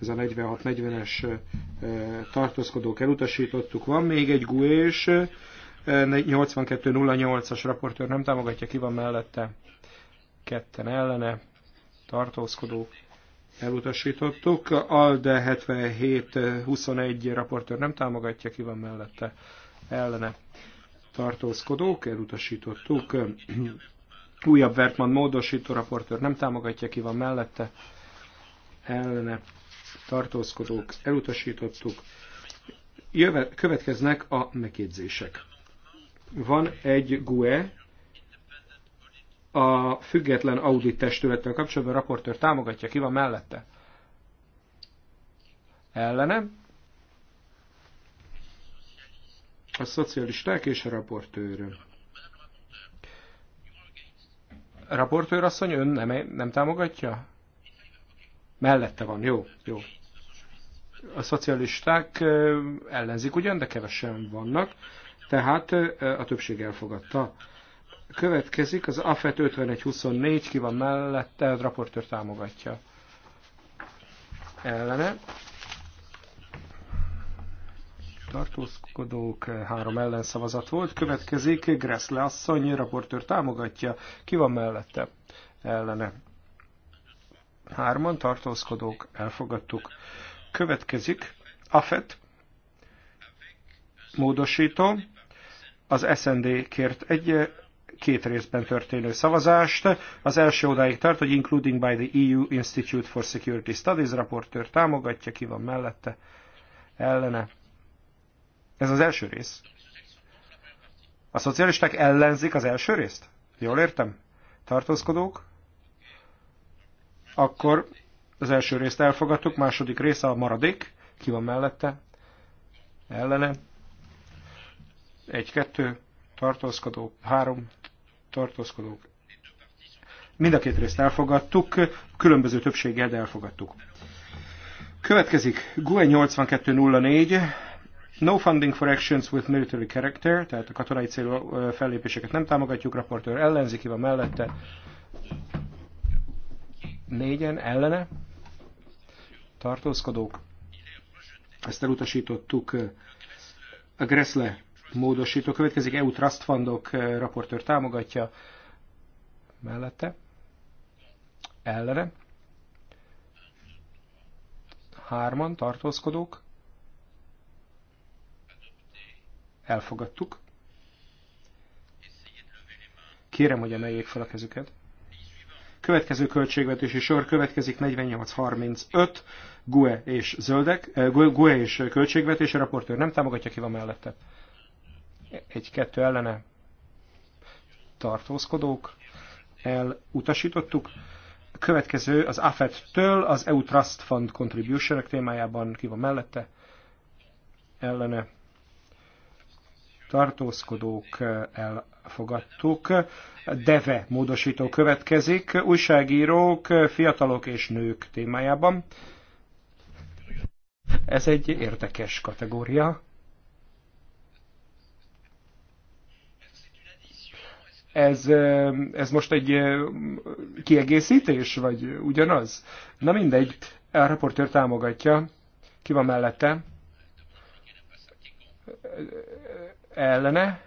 ez a 46-40-es tartózkodók elutasítottuk. Van még egy gués, 08 as raportőr nem támogatja, ki van mellette, ketten ellene, tartózkodók elutasítottuk. ALDE 77-21 raportőr nem támogatja, ki van mellette ellene tartózkodók, elutasítottuk. Újabb Vertman módosító raportőr nem támogatja, ki van mellette ellene tartózkodók, elutasítottuk. Jöve, következnek a megjegyzések. Van egy GUE a független audit testülettel kapcsolatban a raportőr támogatja, ki van mellette? Ellenem? A szocialisták és a raportőr. A raportőr asszony ön nem, nem támogatja? Mellette van, jó, jó. A szocialisták ellenzik ugyan, de kevesen vannak, tehát a többség elfogadta. Következik az AFET 5124, ki van mellette, a raportőr támogatja. Ellene. Tartózkodók, három ellenszavazat volt. Következik Gressle asszony, raportőr támogatja. Ki van mellette? Ellene. Hárman tartózkodók, elfogadtuk. Következik AFET, módosító. Az SND kért egy két részben történő szavazást. Az első odáig tart, hogy Including by the EU Institute for Security Studies raportőr támogatja, ki van mellette, ellene. Ez az első rész. A szocialisták ellenzik az első részt? Jól értem? Tartózkodók? Akkor az első részt elfogadtuk, második része a maradék. Ki van mellette? Ellene. Egy-kettő tartózkodó, három, tartózkodók. Mind a két részt elfogadtuk, különböző többséggel, de elfogadtuk. Következik GUE 8204, No funding for actions with military character, tehát a katonai célú fellépéseket nem támogatjuk, raportőr ellenzi, ki van mellette. Négyen ellene tartózkodók. Ezt elutasítottuk. A Gressle módosító következik, EU Trust Fundok eh, raportőr támogatja mellette, ellene, hárman tartózkodók, elfogadtuk. Kérem, hogy emeljék fel a kezüket. Következő költségvetési sor következik 4835, GUE és zöldek, eh, GUE és költségvetési raportőr nem támogatja, ki van mellette egy-kettő ellene tartózkodók, elutasítottuk. Következő az AFET-től az EU Trust Fund Contribution témájában ki van mellette, ellene tartózkodók elfogadtuk. Deve módosító következik, újságírók, fiatalok és nők témájában. Ez egy érdekes kategória. ez, ez most egy kiegészítés, vagy ugyanaz? Na mindegy, a raportőr támogatja. Ki van mellette? Ellene?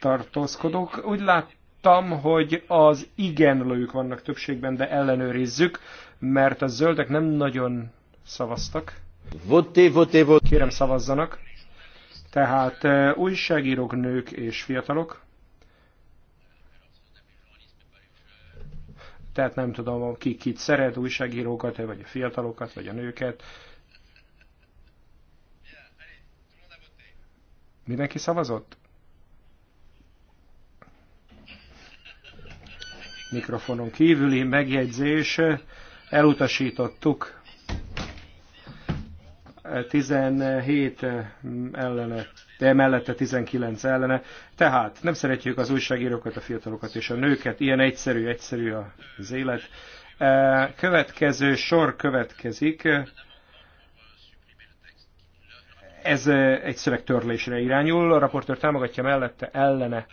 Tartózkodók. Úgy láttam, hogy az igenlők vannak többségben, de ellenőrizzük, mert a zöldek nem nagyon szavaztak. Voté, voté, voté. Kérem szavazzanak. Tehát újságírók, nők és fiatalok. Tehát nem tudom, ki kit szeret, újságírókat, vagy a fiatalokat, vagy a nőket. Mindenki szavazott? Mikrofonon kívüli megjegyzés. Elutasítottuk. 17 eh, ellene, de eh, mellette 19 ellene. Tehát nem szeretjük az újságírókat, a fiatalokat és a nőket. Ilyen egyszerű, egyszerű az élet. Eh, következő sor következik. Ez egy szövegtörlésre irányul. A raportőr támogatja mellette ellene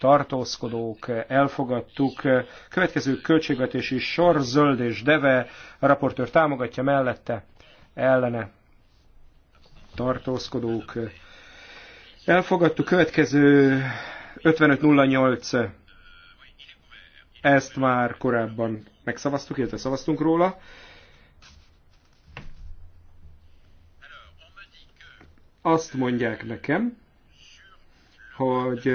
tartózkodók, elfogadtuk. Következő költségvetési sor, zöld és deve, a raportőr támogatja mellette, ellene tartózkodók. Elfogadtuk következő 5508 ezt már korábban megszavaztuk, illetve szavaztunk róla. Azt mondják nekem, hogy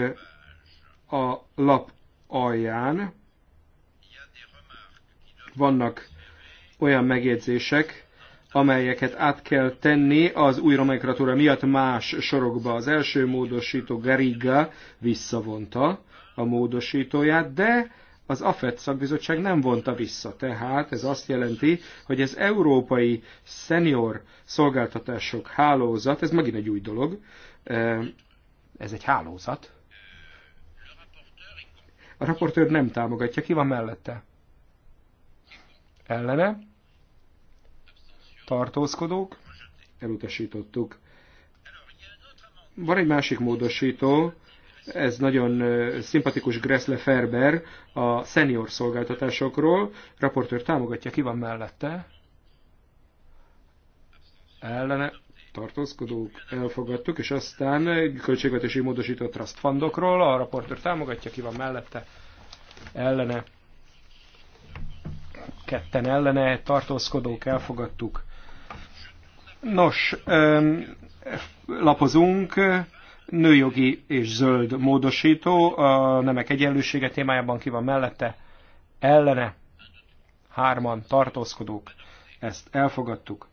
a lap alján vannak olyan megjegyzések, amelyeket át kell tenni az új nomenklatúra miatt más sorokba. Az első módosító Gariga visszavonta a módosítóját, de az AFET szakbizottság nem vonta vissza. Tehát ez azt jelenti, hogy az európai senior szolgáltatások hálózat, ez megint egy új dolog, ez egy hálózat. A raportőr nem támogatja, ki van mellette? Ellene? tartózkodók, elutasítottuk. Van egy másik módosító, ez nagyon szimpatikus Gressle Ferber a senior szolgáltatásokról. Raportőr támogatja, ki van mellette? Ellene tartózkodók elfogadtuk, és aztán költségvetési módosító trust fundokról a raportőr támogatja, ki van mellette? Ellene ketten ellene tartózkodók elfogadtuk. Nos, lapozunk, nőjogi és zöld módosító, a nemek egyenlősége témájában ki van mellette, ellene, hárman tartózkodók, ezt elfogadtuk.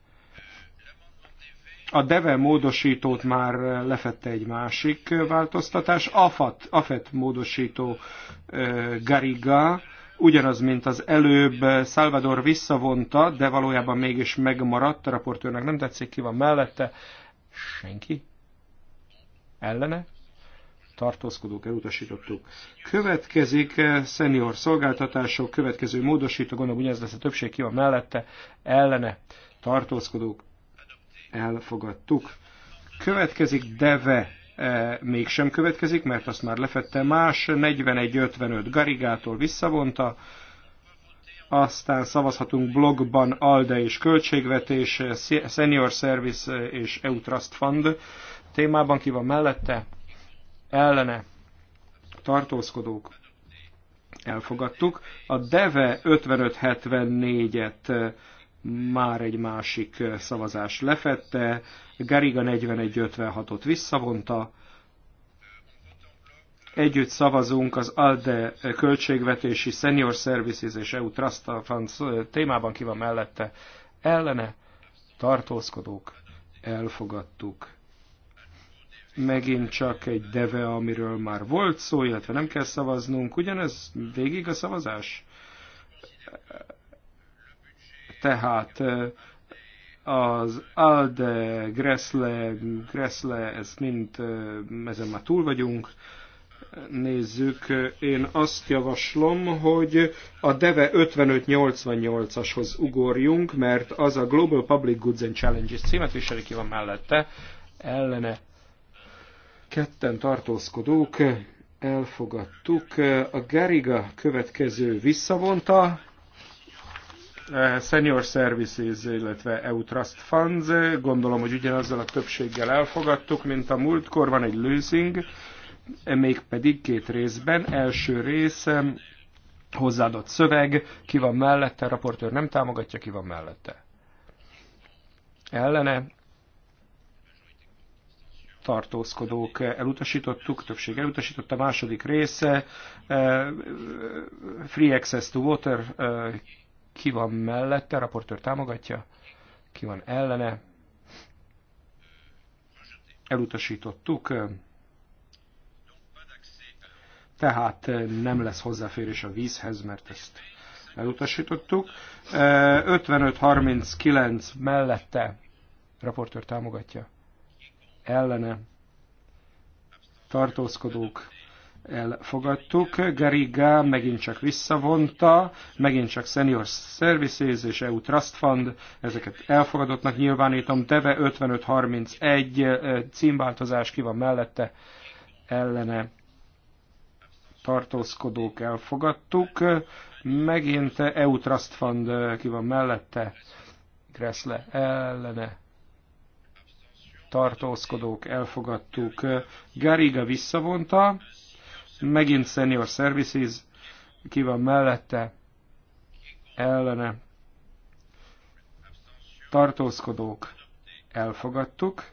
A deve módosítót már lefette egy másik változtatás, AFAT, AFET módosító eh, Gariga ugyanaz, mint az előbb eh, Salvador visszavonta, de valójában mégis megmaradt, a raportőrnek nem tetszik, ki van mellette. Senki? Ellene? tartózkodók elutasítottuk. Következik eh, szenior szolgáltatások, következő módosító, gondolom ugyanez lesz a többség, ki van mellette, ellene tartózkodók elfogadtuk. Következik DEVE E, mégsem következik, mert azt már lefette más, 41-55 Garigától visszavonta, aztán szavazhatunk blogban ALDE és költségvetés, Senior Service és EU Trust Fund témában ki van mellette, ellene tartózkodók elfogadtuk. A DEVE 5574-et már egy másik szavazás lefette, Gariga 41-56-ot visszavonta, együtt szavazunk az ALDE költségvetési Senior Services és EU Trust Funds témában ki van mellette ellene, tartózkodók, elfogadtuk. Megint csak egy deve, amiről már volt szó, illetve nem kell szavaznunk. Ugyanez végig a szavazás? Tehát az Alde, Gressle, Gressle, ez mind, ezen már túl vagyunk, nézzük, én azt javaslom, hogy a DEVE 5588-ashoz ugorjunk, mert az a Global Public Goods and Challenges címet viseli ki van mellette, ellene ketten tartózkodók, elfogadtuk. A Geriga következő visszavonta, Eh, senior Services, illetve EU Trust Funds, gondolom, hogy ugyanazzal a többséggel elfogadtuk, mint a múltkor, van egy losing, eh, mégpedig két részben. Első rész eh, hozzáadott szöveg, ki van mellette, a raportőr nem támogatja, ki van mellette. Ellene tartózkodók elutasítottuk, többség elutasított. A második része Free Access to Water ki van mellette, a raportőr támogatja, ki van ellene. Elutasítottuk. Tehát nem lesz hozzáférés a vízhez, mert ezt elutasítottuk. 55-39 mellette raportőr támogatja, ellene tartózkodók elfogadtuk. Gariga megint csak visszavonta, megint csak Senior Services és EU Trust Fund, ezeket elfogadottnak nyilvánítom. Deve 5531 eh, címváltozás ki van mellette, ellene tartózkodók elfogadtuk. Megint EU Trust Fund eh, ki van mellette, Gressle ellene tartózkodók elfogadtuk. Gariga visszavonta, Megint Senior Services, ki van mellette, ellene, tartózkodók, elfogadtuk.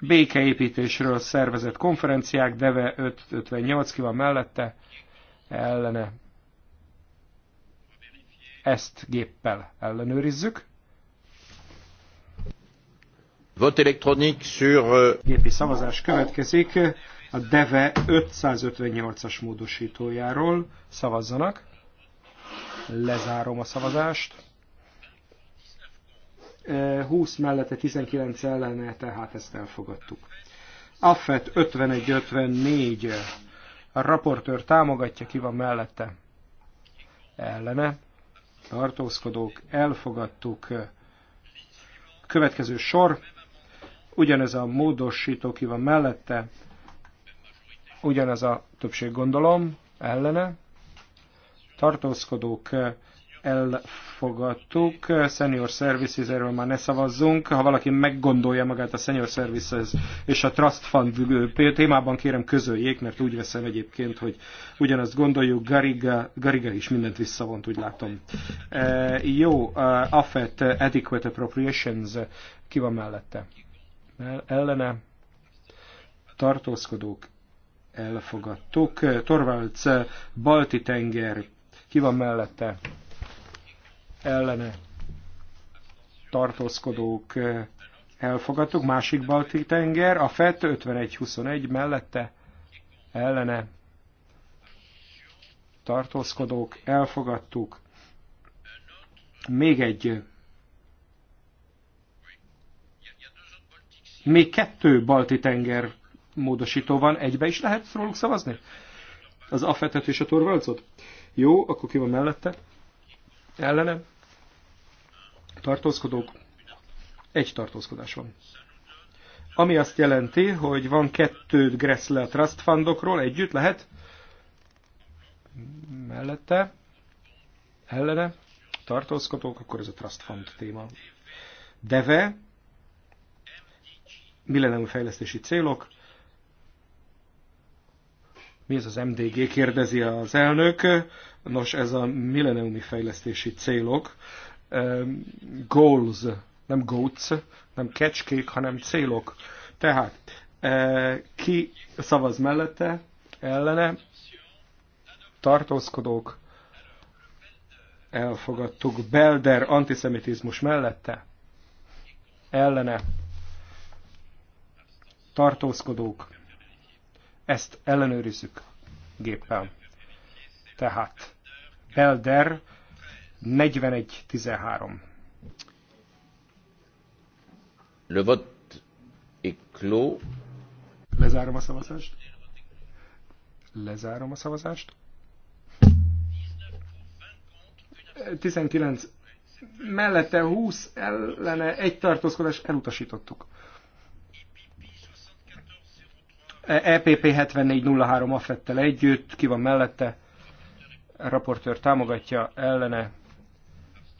Békeépítésről szervezett konferenciák, Deve 558 ki van mellette, ellene. Ezt géppel ellenőrizzük. Vote électronique sur... Euh, Gépi szavazás következik a DEVE 558-as módosítójáról. Szavazzanak. Lezárom a szavazást. 20 mellette 19 ellene, tehát ezt elfogadtuk. Affet 5154. A raportőr támogatja, ki van mellette. Ellene. Tartózkodók, elfogadtuk. Következő sor. Ugyanez a módosító, ki van mellette Ugyanez a többség gondolom, ellene. Tartózkodók elfogadtuk. Senior Services, erről már ne szavazzunk. Ha valaki meggondolja magát a Senior Services és a Trust Fund témában, kérem közöljék, mert úgy veszem egyébként, hogy ugyanazt gondoljuk. Gariga, Gariga is mindent visszavont, úgy látom. E, jó, Affet Adequate Appropriations, ki van mellette? Ellene tartózkodók elfogadtuk. Torvalds Balti tenger, ki van mellette? Ellene tartózkodók elfogadtuk. Másik Balti tenger, a FET 5121 mellette ellene tartózkodók elfogadtuk. Még egy még kettő balti tenger módosító van, egybe is lehet róluk szavazni? Az affetet és a torvalcot? Jó, akkor ki van mellette? Ellene? Tartózkodók? Egy tartózkodás van. Ami azt jelenti, hogy van kettő Gressle Trust Fundokról, együtt lehet? Mellette? Ellene? Tartózkodók? Akkor ez a Trust Fund téma. Deve? Millenium fejlesztési célok, mi ez az MDG? kérdezi az elnök. Nos, ez a milleniumi fejlesztési célok. Goals, nem goats, nem kecskék, hanem célok. Tehát e, ki szavaz mellette, ellene, tartózkodók, elfogadtuk Belder antiszemitizmus mellette, ellene tartózkodók, ezt ellenőrizzük géppel. Tehát Belder 41-13. Le vote est clos. Lezárom a szavazást. Lezárom a szavazást. 19 mellette 20 ellene egy tartózkodás elutasítottuk. EPP 7403 affettel együtt, ki van mellette, a raportőr támogatja, ellene,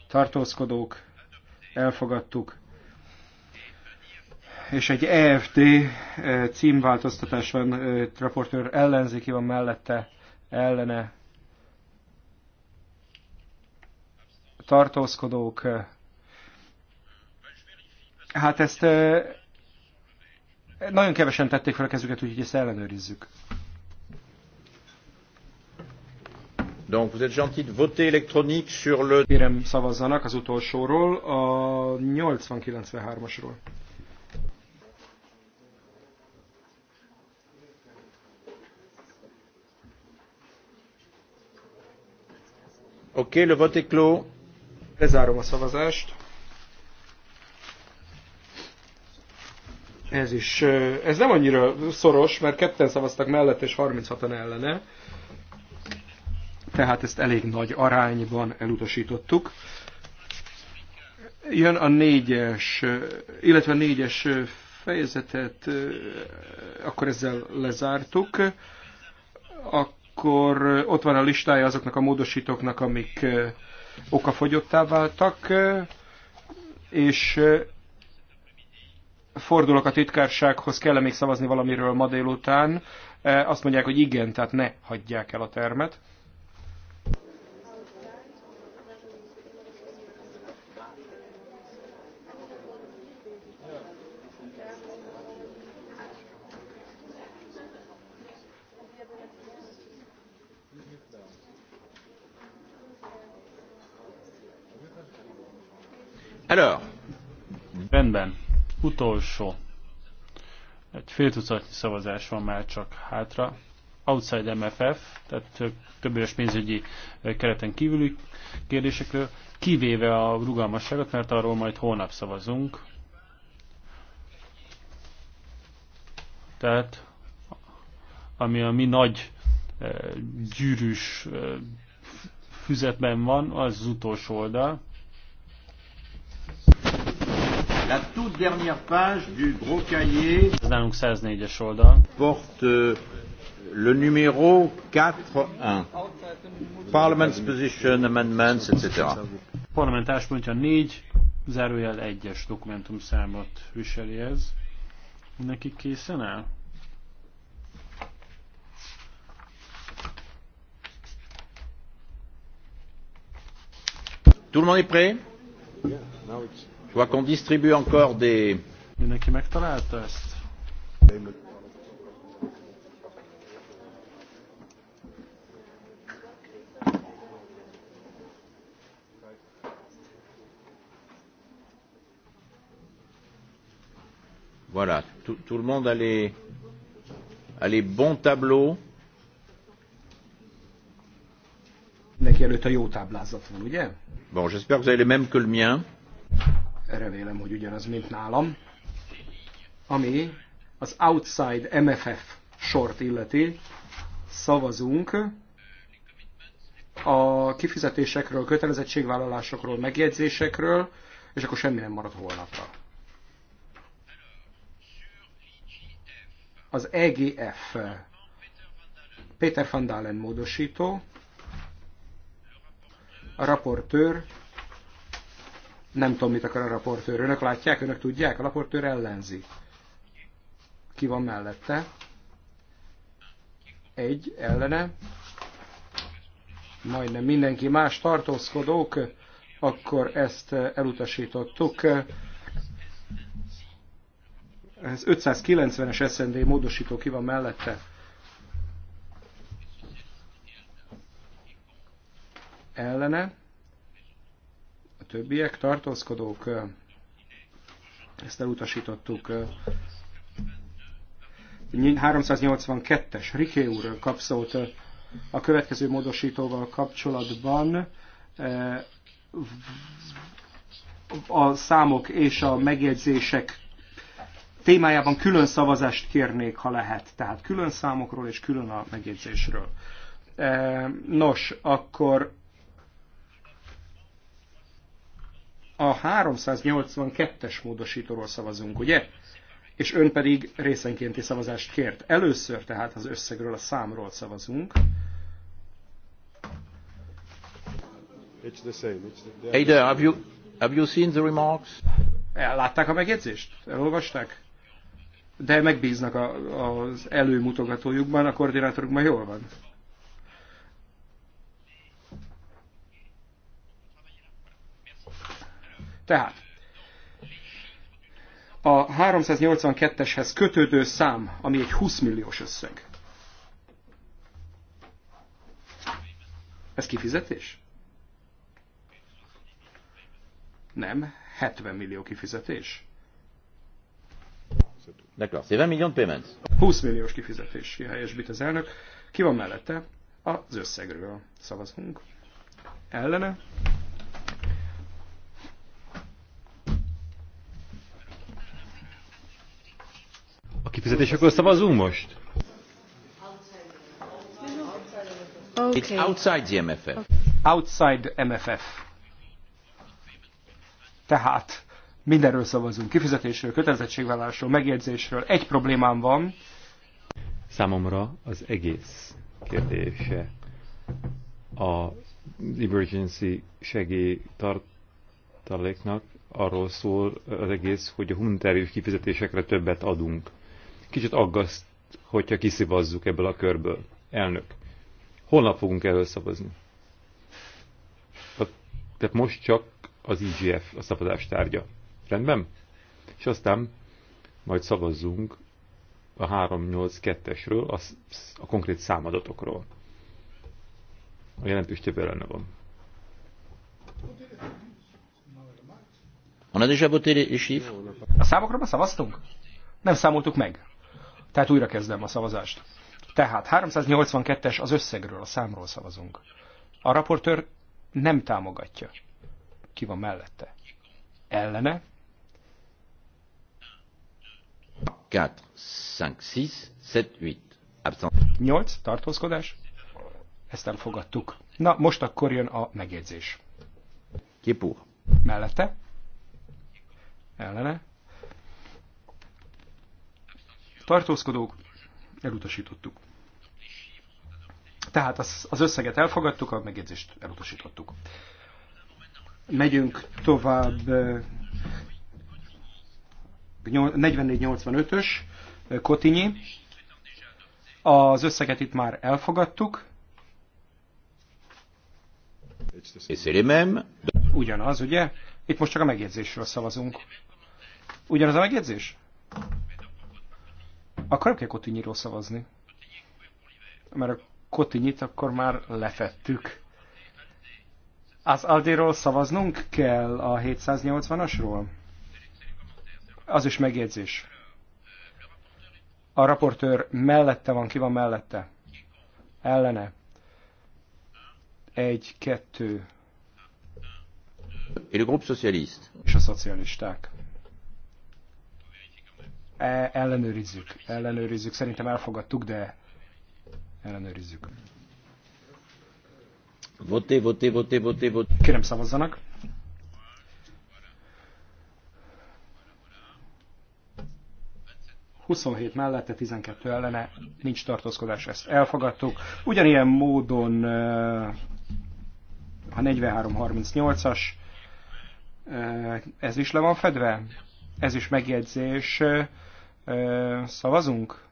tartózkodók, elfogadtuk, és egy EFT e, címváltoztatás van, e, raportőr ki van mellette, ellene, tartózkodók, hát ezt e, nagyon kevesen tették fel a kezüket, úgyhogy ezt ellenőrizzük. Donc vous êtes gentil de voter électronique sur le... Kérem szavazzanak az utolsóról, a 8093-asról. Oké, okay, le vote est clos. Lezárom a szavazást. Ez is, ez nem annyira szoros, mert ketten szavaztak mellett és 36-an ellene. Tehát ezt elég nagy arányban elutasítottuk. Jön a négyes, illetve a négyes fejezetet, akkor ezzel lezártuk. Akkor ott van a listája azoknak a módosítóknak, amik okafogyottá váltak, és fordulok a titkársághoz, kell -e még szavazni valamiről ma délután. Azt mondják, hogy igen, tehát ne hagyják el a termet. utolsó. Egy fél tucatnyi szavazás van már csak hátra. Outside MFF, tehát többéves pénzügyi kereten kívüli kérdésekről, kivéve a rugalmasságot, mert arról majd holnap szavazunk. Tehát ami a mi nagy gyűrűs füzetben van, az az utolsó oldal. La toute dernière page du gros cahier. Ez nálunk 104-es oldal. Porte euh, le numéro 4.1. Parliament's position, amendments, etc. Parlament álláspontja 4, zárójel 1-es dokumentum számot viseli ez. Mindenki készen áll? Tout le monde est prêt? Yeah, now it's... Je vois qu'on distribue encore des... Mindenki megtalálta ezt? Voilà, tout, tout le monde a les, a les bons tableaux. Mindenki előtt a jó táblázat van, ugye? Bon, j'espère que vous avez les mêmes que le mien remélem, hogy ugyanaz, mint nálam, ami az Outside MFF sort illeti, szavazunk a kifizetésekről, kötelezettségvállalásokról, megjegyzésekről, és akkor semmi nem marad holnapra. Az EGF, Peter van Dalen módosító, a raportőr nem tudom, mit akar a raportőr. Önök látják, önök tudják, a raportőr ellenzi. Ki van mellette? Egy ellene. Majdnem mindenki más tartózkodók, akkor ezt elutasítottuk. Ez 590-es SND módosító ki van mellette. Ellene többiek, tartózkodók, ezt elutasítottuk. 382-es Riké úr kap szót a következő módosítóval kapcsolatban a számok és a megjegyzések témájában külön szavazást kérnék, ha lehet. Tehát külön számokról és külön a megjegyzésről. Nos, akkor a 382-es módosítóról szavazunk, ugye? És ön pedig részenkénti szavazást kért. Először tehát az összegről, a számról szavazunk. It's the same. It's the... Ada, have you, have you seen the remarks? Látták a megjegyzést? Elolvasták? De megbíznak a, az előmutogatójukban, a koordinátorukban jól van. Tehát a 382-eshez kötődő szám, ami egy 20 milliós összeg. Ez kifizetés? Nem, 70 millió kifizetés. D'accord, 70 20 payments. 20 milliós kifizetés, helyesbít az elnök. Ki van mellette? Az összegről szavazunk. Ellene? kifizetésekről szavazunk most? Okay. It's outside the MFF. Outside MFF. Tehát mindenről szavazunk. Kifizetésről, kötelezettségvállásról, megjegyzésről. Egy problémám van. Számomra az egész kérdése a emergency segélytartaléknak arról szól az egész, hogy a humanitárius kifizetésekre többet adunk kicsit aggaszt, hogyha kiszivazzuk ebből a körből. Elnök, holnap fogunk erről szavazni. Tehát most csak az IGF a szavazás tárgya. Rendben? És aztán majd szavazzunk a 382-esről, a, a konkrét számadatokról. A jelentős többé lenne van. a déjà A számokra szavaztunk? Nem számoltuk meg. Tehát újra kezdem a szavazást. Tehát 382-es az összegről, a számról szavazunk. A raportőr nem támogatja. Ki van mellette? Ellene? 4, 5, 6, 7, 8. Abszent. 8. Tartózkodás. Ezt elfogadtuk. Na, most akkor jön a megjegyzés. Kipú. Mellette. Ellene tartózkodók, elutasítottuk. Tehát az, az összeget elfogadtuk, a megjegyzést elutasítottuk. Megyünk tovább 4485-ös Kotinyi. Az összeget itt már elfogadtuk. Ugyanaz, ugye? Itt most csak a megjegyzésről szavazunk. Ugyanaz a megjegyzés? Akarok-e Kotinyiról szavazni? Mert a Kotinyit akkor már lefettük. Az Aldiról szavaznunk kell a 780-asról? Az is megjegyzés. A raportőr mellette van, ki van mellette? Ellene. Egy, kettő. És a szocialisták. E, ellenőrizzük, ellenőrizzük. Szerintem elfogadtuk, de ellenőrizzük. Voté, voté, voté, voté, voté. Kérem szavazzanak. Huszonhét mellette, 12 ellene, nincs tartózkodás, ezt elfogadtuk. Ugyanilyen módon e, a 43-38-as, e, ez is le van fedve? Ez is megjegyzés Szavazunk?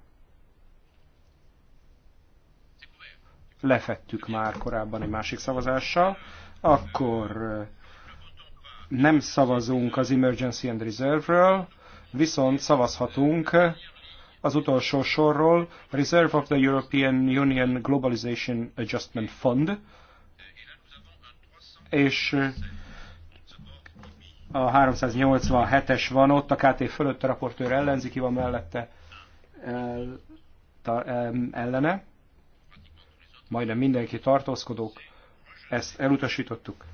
Lefettük már korábban egy másik szavazással. Akkor nem szavazunk az Emergency and Reserve-ről, viszont szavazhatunk az utolsó sorról Reserve of the European Union Globalization Adjustment Fund, és a 387-es van ott, a KT fölött a raportőr ellenzi, ki van mellette el, ta, ellene. Majdnem mindenki tartózkodók. Ezt elutasítottuk.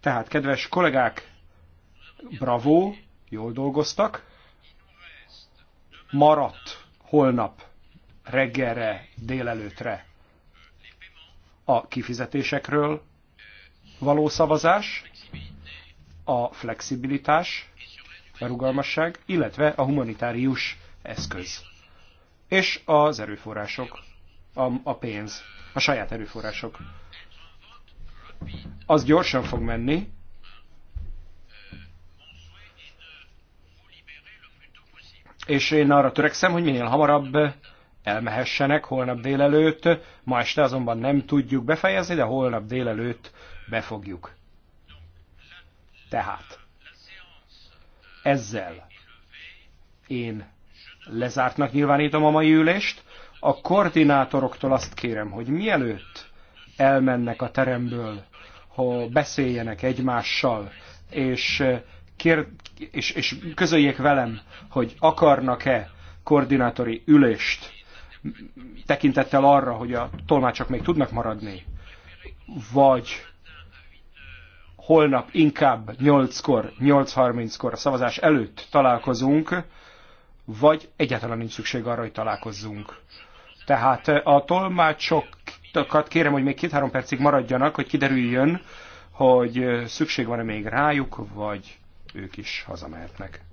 Tehát, kedves kollégák, bravo, jól dolgoztak. Maradt holnap reggelre, délelőtre a kifizetésekről való szavazás, a flexibilitás, a rugalmasság, illetve a humanitárius eszköz. És az erőforrások, a, a pénz, a saját erőforrások. Az gyorsan fog menni, és én arra törekszem, hogy minél hamarabb elmehessenek holnap délelőtt. Ma este azonban nem tudjuk befejezni, de holnap délelőtt befogjuk. Tehát ezzel én lezártnak nyilvánítom a mai ülést. A koordinátoroktól azt kérem, hogy mielőtt elmennek a teremből, ha beszéljenek egymással, és, kér, és, és közöljék velem, hogy akarnak-e koordinátori ülést, tekintettel arra, hogy a tolmácsok még tudnak maradni, vagy holnap inkább 8-kor, 8.30-kor a szavazás előtt találkozunk, vagy egyáltalán nincs szükség arra, hogy találkozzunk. Tehát eh, a tolmácsokat kérem, hogy még két-három percig maradjanak, hogy kiderüljön, hogy eh, szükség van-e még rájuk, vagy ők is hazamehetnek.